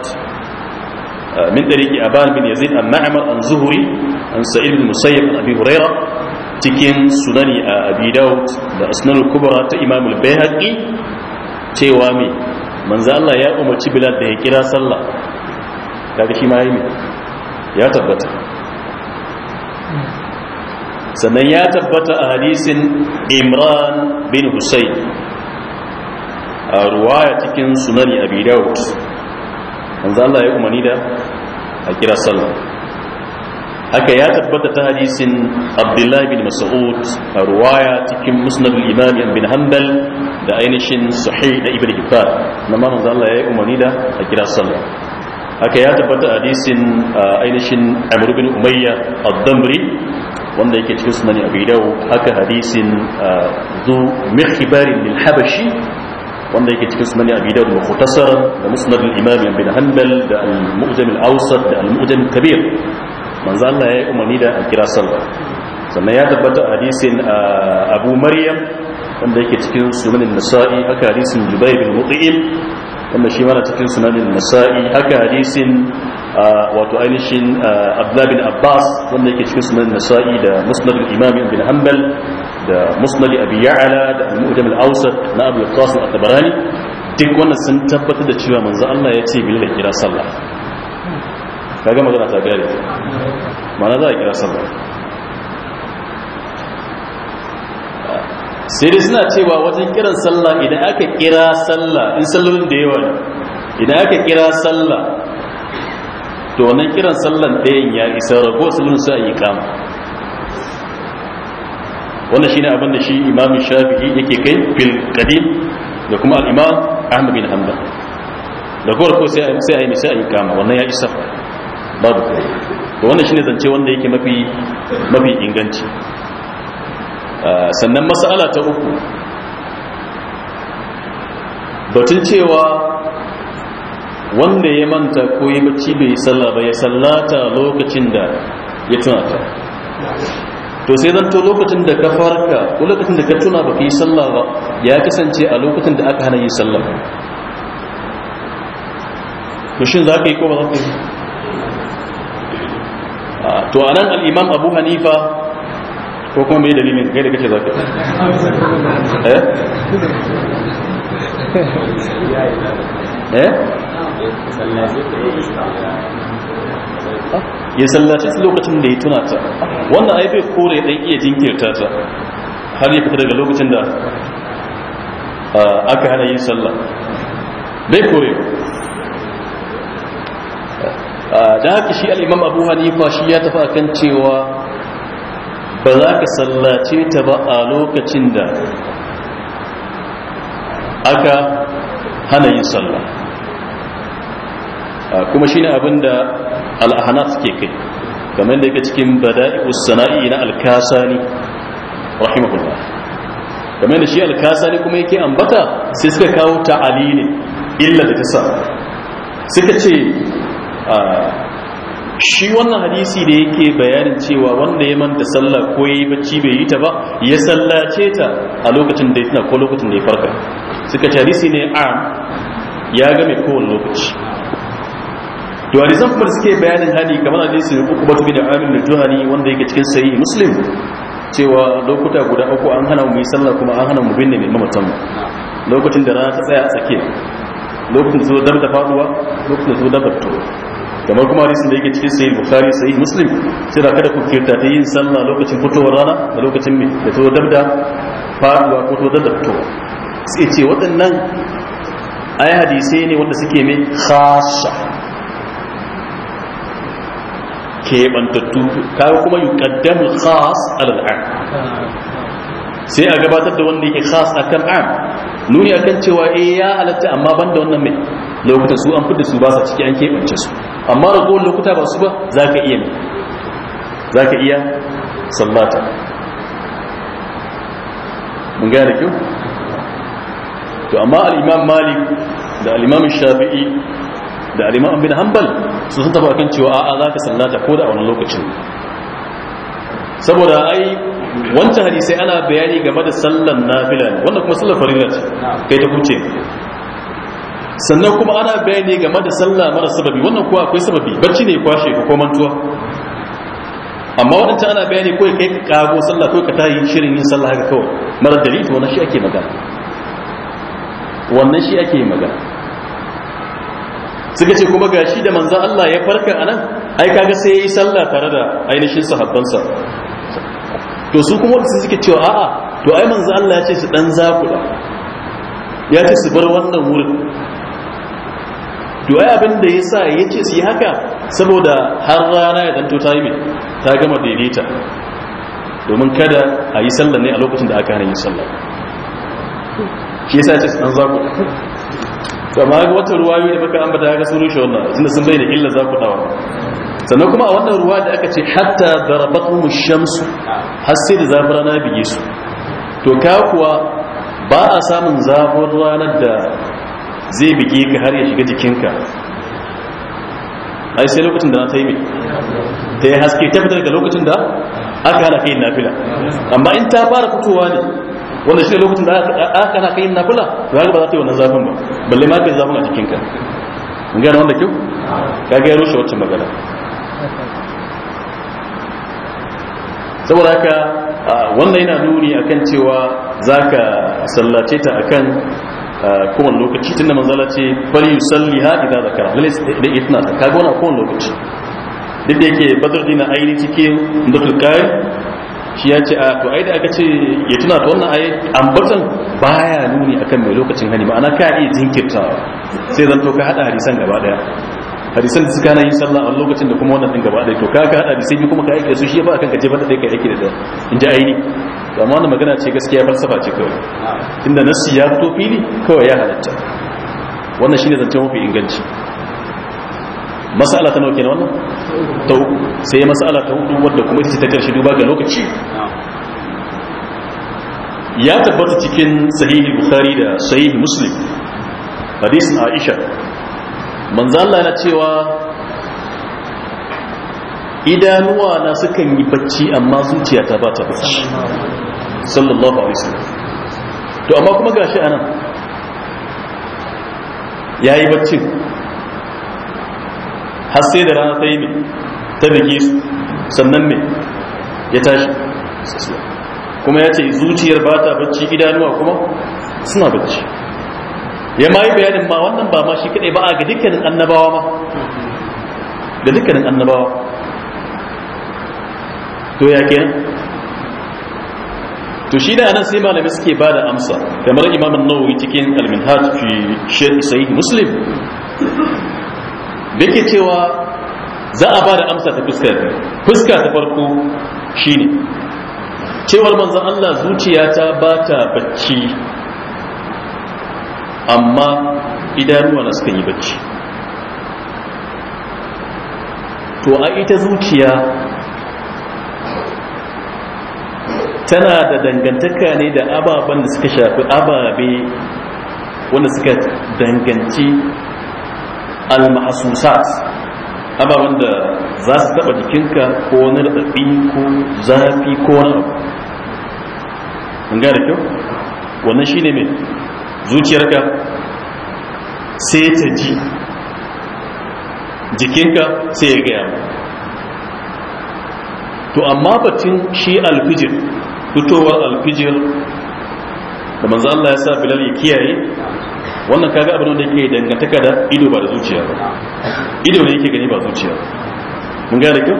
min ɗariki aban bin yazid an ma'amar an zuhuri an sa'id bin musayyab an abi huraira cikin sunani a abi daud da asnal kubra ta imam al-bayhaqi cewa mai manzo Allah ya umarci bilal da ya kira sallah kaga shi ma yi ya tabbata sannan ya tabbata a hadisin imran bin husayn a ruwaya cikin sunani abi dawud manzo Allah ya umarni da a kira sallah haka ya tabbata ta hadisin abdullahi bin mas'ud a ruwaya cikin musnad al bin hanbal da ainihin sahih da ibn hibban na manzo Allah ya umarni da a kira sallah haka ya tabbata hadisin ainihin amr bin umayya ad-damri wanda yake cikin sunan abi dawud haka hadisin zu mikhbarin lil habashi wanda yake cikin sunan abi dawud da mukhtasar da musnad al-imam ibn hanbal da al-mu'jam al-awsat da al-mu'jam al-kabir manzo Allah ya yi umarni da a kira sannan ya tabbata hadisin abu maryam wanda yake cikin sunan nasa'i haka hadisin jubair bin mut'im wanda shi mana cikin sunan nasa'i haka hadisin wato ainihin abdullah bin abbas wanda yake cikin sunan nasa'i da musnad al-imam ibn hanbal da musnali abi ya'ala da al-mu'jam al-awsat na abu qasim at-tabarani duk wannan sun tabbatar da cewa manzo Allah ya ce bilal kira sallah kaga magana ta gare mana za a kira sallah sai dai suna cewa wajen kiran sallah idan aka kira sallah in sallolin da yawa ne idan aka kira sallah to wannan kiran sallan ɗayan ya isa rago sallolin sa yi kama wannan shine abin da shi imam shafi'i yake kai fil qadim da kuma al-imam ahmad bin hanbal da gowar ko sai sai ai misa ai kama wannan ya isa babu kai to wannan shine zance wanda yake mafi mafi inganci sannan mas'ala ta uku batun cewa wanda ya manta ko ya bacci bai salla ba ya sallata lokacin da ya tunata to sai zan to lokacin da ka farka ko lokacin da ka tuna baka yi sallah ba ya kasance a lokacin da aka hana yi sallah to shin za ka yi ko ba za ka yi to anan al-imam abu hanifa ko kuma mai dalilin kai da kake za ka eh eh ya sallace su lokacin da ya tuna ta wannan ai bai kore dan iya jinkirta ta har ya fita daga lokacin da aka hana yin sallah bai kore da haka shi al-imam abu hanifa shi ya tafi akan cewa ba za ka sallace ta ba a lokacin da aka hana yin sallah kuma shine abin da al'ahana suke kai game da yake cikin bada'i'us sana'i na al-kasani rahimahullah game da shi al-kasani kuma yake ambata sai suka kawo ta'ali ne illa da ta sa suka ce shi wannan hadisi da yake bayanin cewa wanda ya manta sallah ko ya yi bacci bai yi ta ba ya sallace ta a lokacin da ya tana ko lokacin da ya farka suka ce hadisi ne a ya game kowane lokaci to hadisan kuma suke bayanin hani kamar hadisi ko kuma tafi da amin da juhani wanda yake cikin sahihi muslim cewa lokuta guda uku an hana mu yi sallah kuma an hana mu binne ne mamatan lokacin da rana ta tsaya a tsakiya lokacin zuwa dar da faduwa lokacin zuwa dar da to kamar kuma hadisin da yake cikin sayi bukhari sahih muslim sai da kada ku kirta ta yin sallah lokacin fitowar rana da lokacin me da zuwa dar da faduwa ko zuwa dar da to sai ce waɗannan ayi hadisai ne wanda suke mai khasha keɓantattu kawo kuma yi ƙaddamu khas al'am sai a gabatar da wanda yake khas a kan am nuni akan cewa eh ya halatta amma ban da wannan mai lokuta su an fudda su ba sa ciki an keɓance su amma ragowar lokuta ba su ba za ka iya mai za ka iya sallata mun gane kyau to amma al'imam malik da al'imam shafi'i da aliman bin hanbal su sun taba kan cewa a'a za ka sallata ko da a wani lokacin saboda ai wancan hadisai ana bayani game da sallan nafila ne wannan kuma sallar farilla ce kai ta kuce sannan kuma ana bayani game da sallah mara sababi wannan kuwa akwai sababi bacci ne kwashe ko mantuwa amma wadanda ana bayani ko kai ka kago sallah ko ka tayi shirin yin sallah haka kawai mara dalili wannan shi ake magana wannan shi ake magana suka ce kuma gashi da manza Allah ya farka a nan ai kaga sai ya yi sallah tare da ainihin sahabbansa to su kuma wadda suke cewa a'a to ai manza Allah ya ce su dan zakula ya ce su bar wannan wurin to ai abin da ya sa ya ce su yi haka saboda har rana ya danto ta yi ta gama daidaita domin kada a yi sallah ne a lokacin da aka hana yin sallah shi sa ya ce su dan zakula to amma ga wata ruwayoyi da baka ambata ga sun rushe wannan inda sun bayyana illa za ku dawo sannan kuma a wannan ruwa da aka ce hatta darabatum shamsu har sai da zafin rana bige su to ka kuwa ba a samun zafin ranar da zai bige ka har ya shiga jikinka ai sai lokacin da na ta yi ta yi haske ta fitar da lokacin da aka hana kai nafila amma in ta fara fitowa ne wanda shi lokacin da aka kana kai na kula to haka ba za ta yi wannan zafin ba balle ma kai zafin a jikinka mun ga wanda kyau ka ga yaro shi wacce magana saboda haka wanda yana nuni akan cewa zaka sallace ta akan kowane lokaci tunda manzala ce fali yusalli ha idza zakara lalle da itna ta kaga wannan kowane lokaci duk da yake badar dina aini cikin dukkan kai shi ya ce a to ai da aka ce ya tuna ta wannan ayi ambatan baya nuni akan mai lokacin hani ma'ana ka iya jinkirta sai zan to ka hada hadisan gaba daya hadisan da suka na sallah a lokacin da kuma wannan din gaba daya to ka ka hada bi kuma ka aika su shi ba akan ka jefa da kai ka aike da dai in ji aini to amma wannan magana ce gaskiya falsafa ce kawai tunda nasi ya fito fili kawai ya halatta wannan shine zancen mafi inganci masala ta nauke na wannan ta uku sai masala ta hudu wadda kuma ita ce ta karshe duba ga lokaci ya tabbata cikin sahihi bukhari da sahihi muslim hadisin aisha manzo Allah yana cewa idanuwa na sukan yi bacci amma zuciya ta ba ta bacci sallallahu alaihi wasallam to amma kuma gashi anan yayi baccin har sai da rana ta yi ta bige su sannan mai ya tashi kuma ya ce zuciyar ba ta bacci idanuwa kuma suna bacci ya ma yi bayanin ma wannan ba ma shi kadai ba a ga dukkanin annabawa ma ga dukkanin annabawa to ya ke. to shi da anan sai malamai suke ba da amsa kamar imam nawawi cikin al-minhaj fi sahih muslim da yake cewa za a ba da amsa ta fuska ta fuska ta farko shi ne. cewar manzan Allah zuciyata ba ta bacci amma idanuwa na suka yi bacci to a ita zuciya tana da dangantaka ne da ababen da suka shafi ababe wanda suka danganci al-mahsusat ababen da za su taba jikinka ko wani raɗaɗi ko zafi ko wani abu an gane kyau wannan shi ne mai zuciyarka sai ta ji jikinka sai ya gaya to amma batun shi alfijir fitowar alfijir da manzo Allah ya sa bilal ya kiyaye wannan kaga abin da yake dangantaka da ido ba da zuciya ba ido ne yake gani ba zuciya mun gane kyau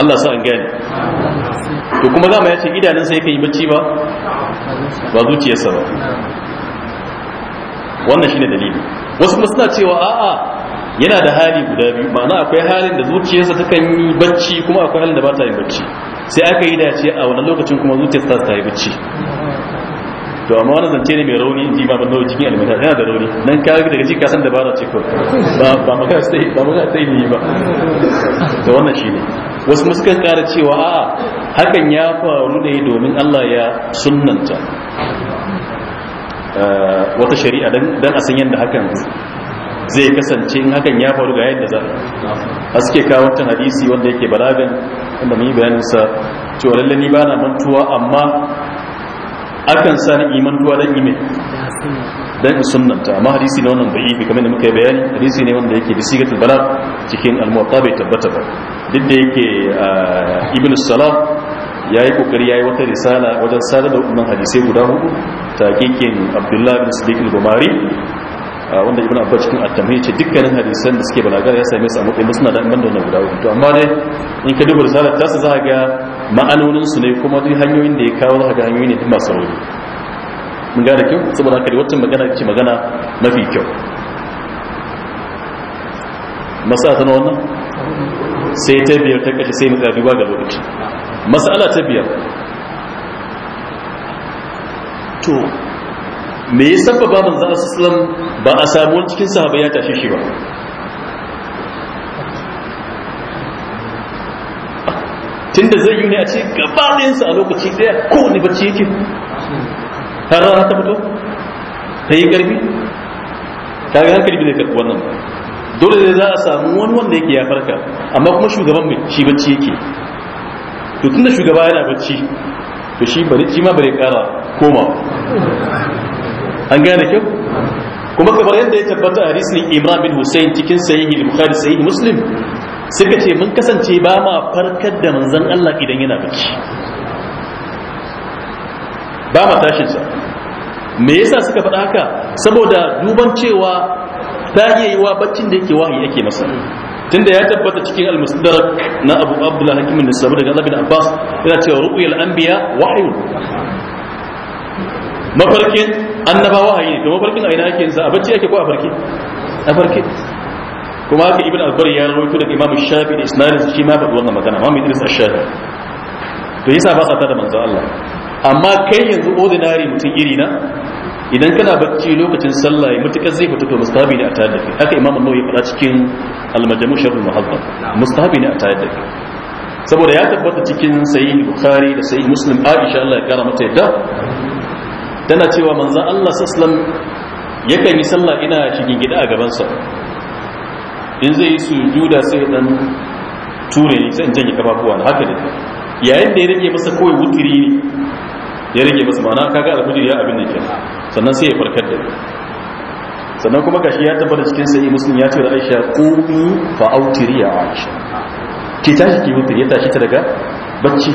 Allah sa an gane to kuma mu ya ce idanunsa yake yi bacci ba ba zuciyarsa ba wannan shine dalili wasu kuma suna cewa a'a yana da hali guda biyu ma'ana akwai halin da zuciyarsa takan yi bacci kuma akwai halin da ba ta yi bacci sai aka yi dace a wannan lokacin kuma zuciyarsa ta yi bacci to amma wannan zance ne mai rauni ji ba ban dawo cikin alimata yana da rauni dan ka daga cikin kasan da ba na cikin ba ba maka sai ba maka sai ni ba to wannan shine wasu muska kara cewa a hakan ya faru ne domin Allah ya sunnanta eh, wata shari'a dan a san yadda hakan zai kasance in hakan ya faru ga yadda za a suke kawo wata hadisi wanda yake balagan wanda mun yi bayaninsa cewa lallani ba na mantuwa amma akan sa na imantuwa dan ime dan sunnanta amma hadisi ne wannan da'ifi kamar da muka yi bayani hadisi ne wanda yake bisigatul bala cikin al-muwatta bai tabbata ba duk da yake ah, ibn salam yayi kokari yayi wata risala wajen sadar da wannan hadisi guda hudu ta taqiqin abdullahi bin siddiq al-bumari ah, wanda ibn abbas cikin at-tamhid ce dukkanin hadisan da suke balagara ya same su a matsayin suna da imanta wannan guda hudu to amma dai in ka duba risalar ta su za ga ma'anoninsu ne kuma duk hanyoyin da ya kawo za ga hanyoyi ne duk masu rauni mun gane kyau saboda haka wacce magana ce magana mafi kyau masala ta wannan sai ta biyar ta kashe sai muka duba ga lokaci masala ta biyar to me ya sabba ba manzan asusulan ba a samu cikin sahabai ya tashi shi ba tunda zai yi ne a ce gaba a lokaci ɗaya kowane bacci yake har rana ta fito ta yi ƙarfi ta ga hankali bai karɓi wannan dole ne za a samu wani wanda yake ya farka amma kuma shugaban mai shi bacci yake to tunda shugaba yana bacci to shi bari shi ma bari ƙara koma an gane kyau kuma kamar yadda ya tabbata a hadisin Imran bin Hussein cikin sahihi Bukhari sahihi Muslim suka ce mun kasance ba ma farkar da manzan Allah idan yana bacci ba ma tashinsa me yasa suka faɗa haka saboda duban cewa ta iya wa baccin da yake wahayi yake masa tunda ya tabbata cikin al-musdarak na Abu Abdullah Hakim bin Sabr daga Abdul Abbas yana cewa ru'yal anbiya wahyun mafarkin annaba wahayi ne to mafarkin a ina yake yanzu a bacci yake ko a farki a farki kuma haka ibn al-bar ya rawaito daga imam shafi da Isma'il shi ma faɗi wannan magana muhammad idris ash-shafi to yasa ba sa ta da manzo Allah amma kai yanzu ordinary mutum iri na idan kana bacci lokacin sallah ya mutukar zai fito to mustahabi ne a tayar da kai haka imam an-nawawi faɗa cikin al-majmu' sharh al-muhaddab mustahabi ne a tayar da kai saboda ya tabbata cikin sayi bukhari da sayi muslim aisha Allah ya kara mata yadda tana cewa manzan Allah saslam yakan yi sallah ina cikin gida a gabansa in zai yi sujuda sai dan ture ni sai in janye kafafuwa na haka ne yayin da ya rage masa kawai wutiri ne ya rage masa ma'ana kaga alfajir ya abin da ke sannan sai ya farkar da sannan kuma gashi ya tabbata cikin sai muslim ya ce da aisha qumi fa autiri ya aisha ki tashi ki wutiri ya tashi ta daga bacci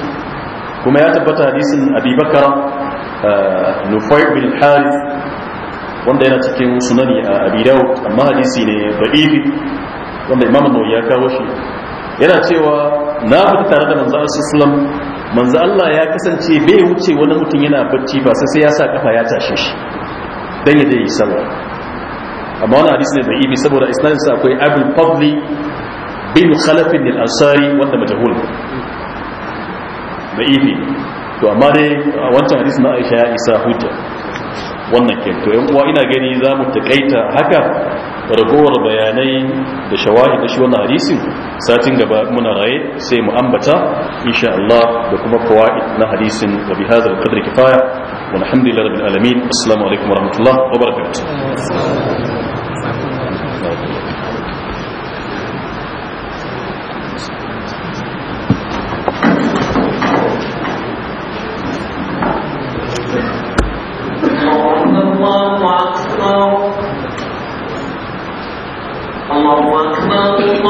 kuma ya tabbata hadisin abubakar eh, Nufar bin harith wanda yana cikin sunani a abidau amma hadisi ne da'ifi wanda imam nawawi ya kawo shi yana cewa na fita tare da manzo sallallahu manzo Allah ya kasance bai wuce wani mutum yana bacci ba sai sai ya sa kafa ya tashi shi dan ya je yi sallah amma wannan hadisi ne da'ifi saboda isnadin sa akwai abul fadli bin khalaf bin al-ansari wanda majhul da'ifi to amma dai wancan hadisi na Aisha ya isa hujja wannan ke yan uwa ina gani za mu takaita haka ragowar bayanai da shawahi da shi wannan hadisin satin gaba muna raye sai mu ambata insha Allah da kuma kawai na hadisin wa bi hadha al kifaya wa alhamdulillahi rabbil alamin assalamu alaikum wa rahmatullah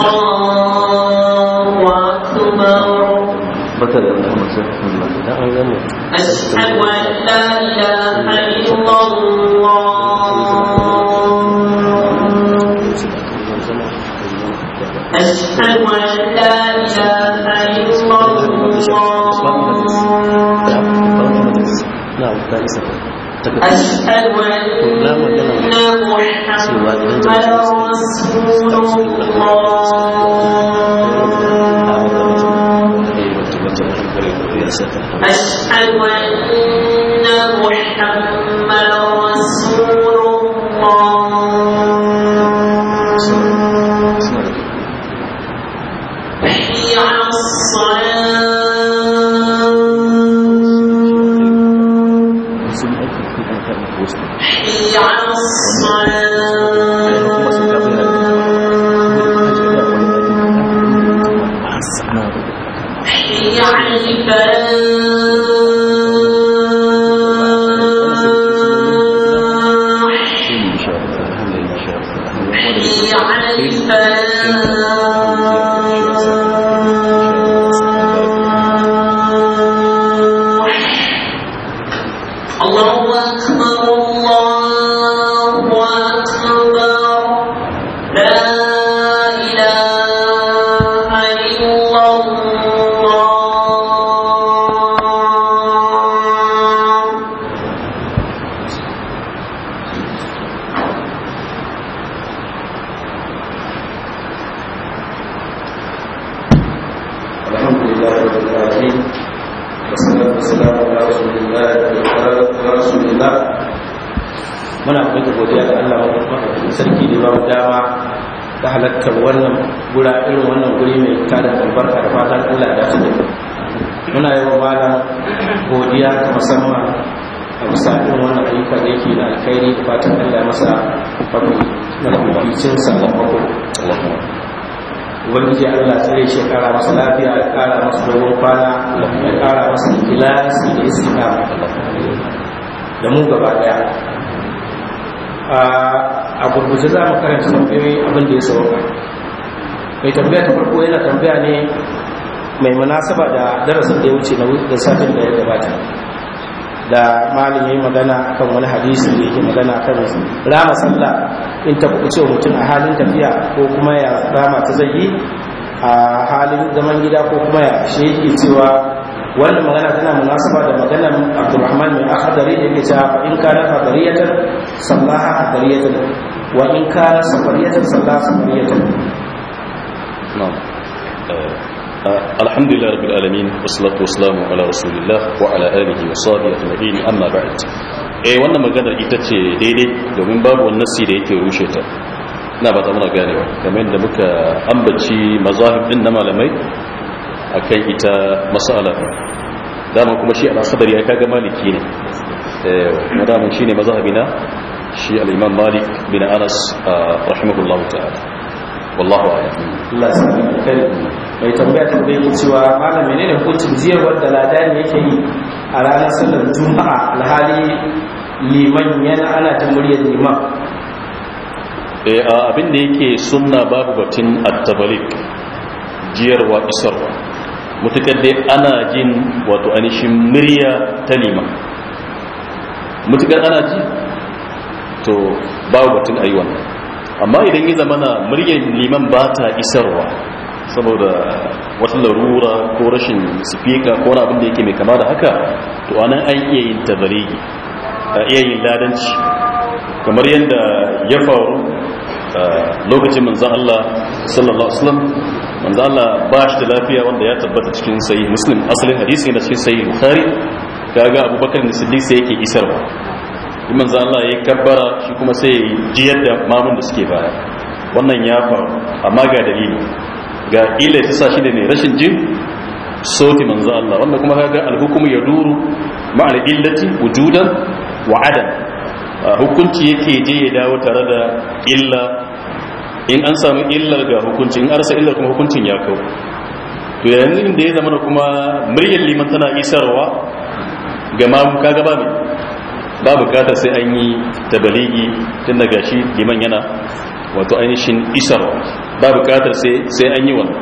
الله أكبر وكذا محمد صلى الله عليه أشهد أن لا إله إلا الله نعم، أشهد أن لا إله إلا الله أشهد أن محمدا ورسول الله أشهد أن محمدا shi ya kara masa lafiya ya kara masa dogon kwana ya kara masa ikilasi da istika da mu gaba daya a gurguje za mu karanta tambayoyi abin da ya sauka mai tambaya ta farko yana tambaya ne mai munasaba da darasin da ya wuce na satin da ya gabata da malin ya yi magana kan wani hadisi da yake magana kan rama sallah in ta kuɓi cewa mutum a halin tafiya ko kuma ya rama ta zai yi a halin zaman gida ko kuma ya shi yake cewa wannan magana tana munasaba da maganar Abdulrahman mai akhdari da yake cewa in kana qadariyatan sallaha qadariyatan wa in kana safariyatan sallaha safariyatan na'am eh, eh, alhamdulillah rabbil alamin wassalatu wassalamu ala rasulillah wa ala alihi wa sahbihi ajma'in amma ba'd eh wannan magana ita ce daidai domin babu wannan nasi da yake rushe ta na ba ta muna ganewa kamar yadda muka ambaci mazahib din na malamai a kan ita masala dama kuma shi al-asadari ya kaga maliki ne eh dama shine mazhabi na shi al malik bin anas rahimahullahu ta'ala wallahu a'lam Allah mai tambaya tambaye ki cewa malam menene hukuncin ziyarwar da ne yake yi a ranar sallar juma'a alhali liman yana ana ta muryar liman Eh, abin da yake sunna babu batun attabalik jiyarwa isarwa mutukar dai ana jin wato anishin murya ta liman mutukar ana ji to babu batun aiwa amma idan yi zamana muryar liman ba ta isarwa saboda wata larura ko rashin sifika ko abin da yake mai kama da haka to anan an iya yin tabarigi a iya yin ladanci kamar yadda ya faru lokacin manzan Allah sallallahu alaihi wasallam manzan Allah ba shi da lafiya wanda ya tabbata cikin sayi muslim asalin hadisi yana cikin sayi bukhari kaga abubakar da siddiq sai yake isarwa in manzan Allah ya kabbara shi kuma sai jiyar da mamun da suke baya wannan ya faru amma ga dalili ga ila ta sa shi da ne rashin jin sauti manzan Allah wanda kuma kaga alhukumu ya duru ma'al illati wujudan wa adam hukunci yake je ya dawo tare da illa in an samu illar ga hukunci in arsa illar kuma hukuncin ya kawo to yanzu da ya zama da kuma muryar liman tana isarwa ga mamu gaba ne? ba bukatar sai an yi tabaligi tun daga gashi liman yana wato ainihin isarwa ba bukatar sai an yi wannan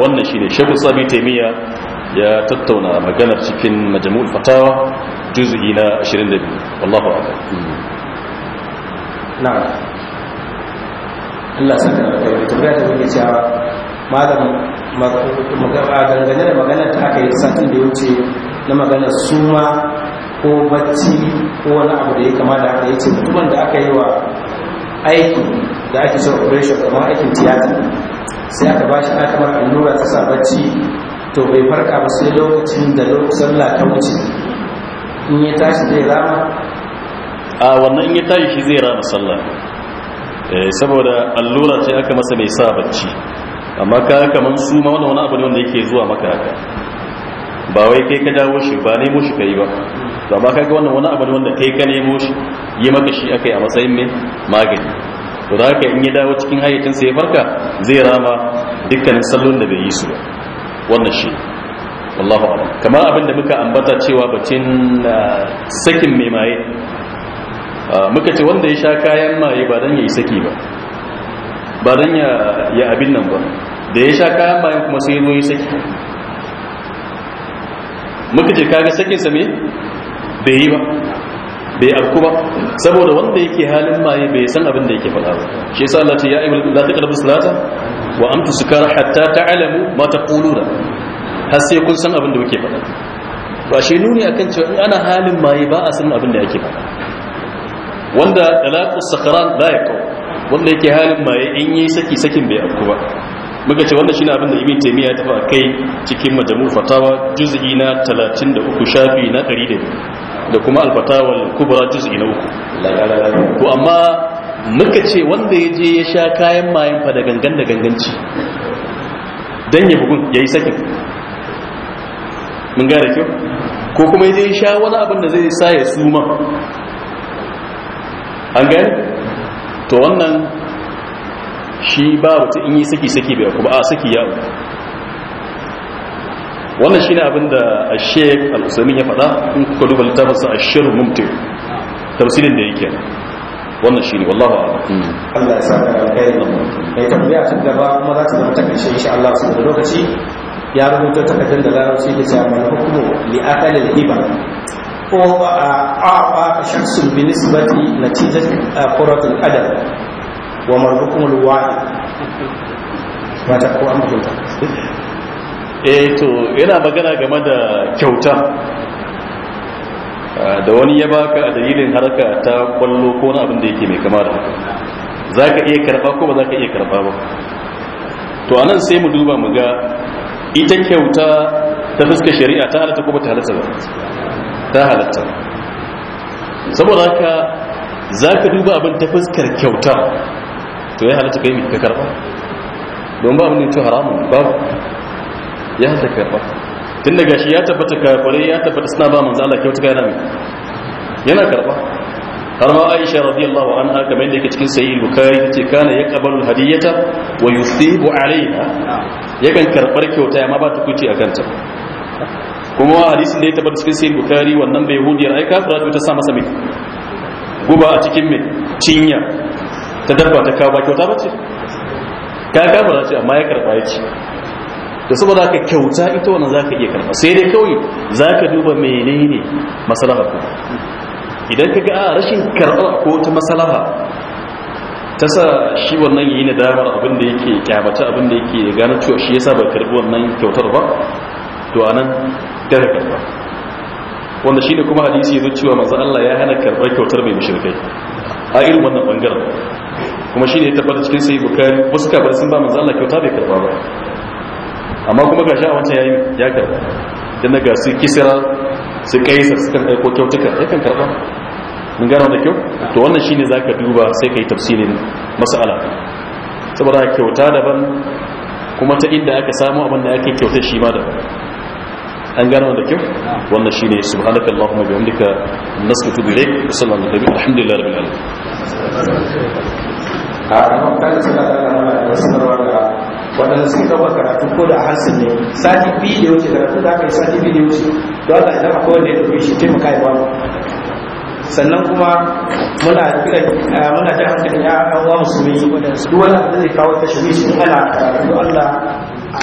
wannan ne shekul sami taimiyya ya tattauna maganar cikin majamul fatawa juz'i na 22 wallahu a'lam na Allah saka kai tambaya ta wani cewa malam a dangane da maganar ta aka yi satin da ya wuce na magana suma ko bacci ko wani abu da ya kama da aka yi ce mutumin da aka yi wa aiki da ake so operation kamar aikin tiyata sai aka ba shi akamar allura ta sa bacci to bai farka ba sai lokacin da lokacin sallah ta wuce in yi tashi zai rama a wannan in yi tashi shi zai rama sallah eh, saboda allura ce aka masa mai sa bacci amma ka kamar su ma wani abu ne wanda yake zuwa maka haka ba wai kai ka jawo shi ba nemo shi yi ba to amma kaga wannan wani abu ne wanda kai ka nemo shi yi maka shi aka yi a matsayin mai magani to da haka in ya dawo cikin hayyacin ya farka zai rama dukkanin sallon da bai yi su ba wannan shi Allahu Akbar kamar abin da muka ambata cewa bacin uh, sakin mai maye uh, muka ce wanda ya sha kayan maye ba dan yayi saki ba ba dan ya ya abin nan ba da ya sha kayan maye kuma sai ruwa ya saki muka ce kaga sakin sa me bai yi ba bai afku ba saboda wanda yake halin maye bai san abin da yake faɗa ba shi yasa Allah ce ya ayyuhal la taqrabu salata wa amtu sukara hatta ta'lamu ma taquluna har sai kun san abin da kuke faɗa ba shi nuni akan cewa in ana halin maye ba a san abin da yake faɗa wanda talaqu sakharan la kawo, wanda yake halin maye in yi saki sakin bai afku ba muka ce wannan shine abin da ibn taymiya ya tafi kai cikin majmu' fatawa juz'i na 33 shafi na 100 da kuma al-fatawa al-kubra juz'i na 3 to amma muka ce wanda ya je ya sha kayan mayin fa da gangan da ganganci dan ya bugun yayi sakin mun gane kyau ko kuma yaje sha wani abin da zai sa ya suma an gane to wannan shi ba wata in yi saki-saki bai kuma a saki yawo wannan shi ne abin da a sheik al'usamin ya faɗa in kuka duba littafinsa a shirin mumtir tafsirin da yake wannan shi ne wallahu ala Allah ya sa ka alkai mai tambaya tun da ba kuma za ta zama ta ƙarshe insha Allah su da lokaci ya rubuta takardar da larabci da cewa mal hukmu li akal al hiba ko a a shakhsun bi nisbati na qurat al adab wa mal hukmu al wahid ba ko amma kyauta eh to yana magana game da kyauta da wani ya baka a dalilin harka ta kwallo ko na abin da yake mai kama da za ka iya karba ko ba za ka iya karba ba to anan sai mu duba mu ga ita kyauta ta fuska shari'a ta halatta kuma ta halatta ba ta halatta saboda haka za ka duba abin ta fuskar kyauta to ya halatta kai ka karba don ba abin da haramun ba ya halatta karba tun daga shi ya tabbata kafirai ya tabbata suna ba manzala Allah kyauta yana mai yana karba har ma aisha radiyallahu anha kamar yadda yake cikin sahih bukhari yace kana yaqbalu hadiyata wa yusibu ya yakan karbar kyauta amma ba ta kuce akan ta kuma hadisin da ya tabbata cikin sahih bukhari wannan bai hudiyar ai kafira ta sa masa guba a cikin me cinya ta dabba ta kawo ba kyauta ba ce ta kafira ce amma ya karba yace da saboda haka kyauta ita wannan zaka iya karba sai dai kawai zaka duba menene maslahar ku idan ka ga a ah, rashin karɓar ko ta masalaha ta sa shi wannan yi nadamar abin da yake kyamata abin da yake gane cewa shi sa bai karɓi wannan kyautar ba to nan daga karɓa wanda shi ne kuma hadisi ya cewa manzo Allah ya hana karɓar kyautar mai mushrikai a irin wannan bangaren kuma shi ne ya tabbata cikin sai bukari wasu kabar sun ba manzo Allah kyauta bai karɓa ba amma kuma ga sha wancan yayin ya karɓa dan ga su kisira su kaisar su kan aiko kyautuka ya kan karɓa mun gano da kyau to wannan shine zaka duba sai kai tafsirin mas'ala saboda kyauta daban kuma ta inda aka samu abin da ake kyauta shi ma daban an gano da kyau wannan shine subhanaka allahumma bihamdika nasbutu bihi sallallahu alaihi wa alhamdulillahi rabbil alamin a kan kan sanarwa da waɗanda suka gaba karatu ko da harsun ne sati biyu da wuce karatu da aka yi sati biyu da wuce don Allah ya akwai wanda ya ɗauke shi taimaka ya ba sannan kuma muna muna ji hankalin ya Allah musulmi duk wani da zai kawo tashwishi in ana karatu Allah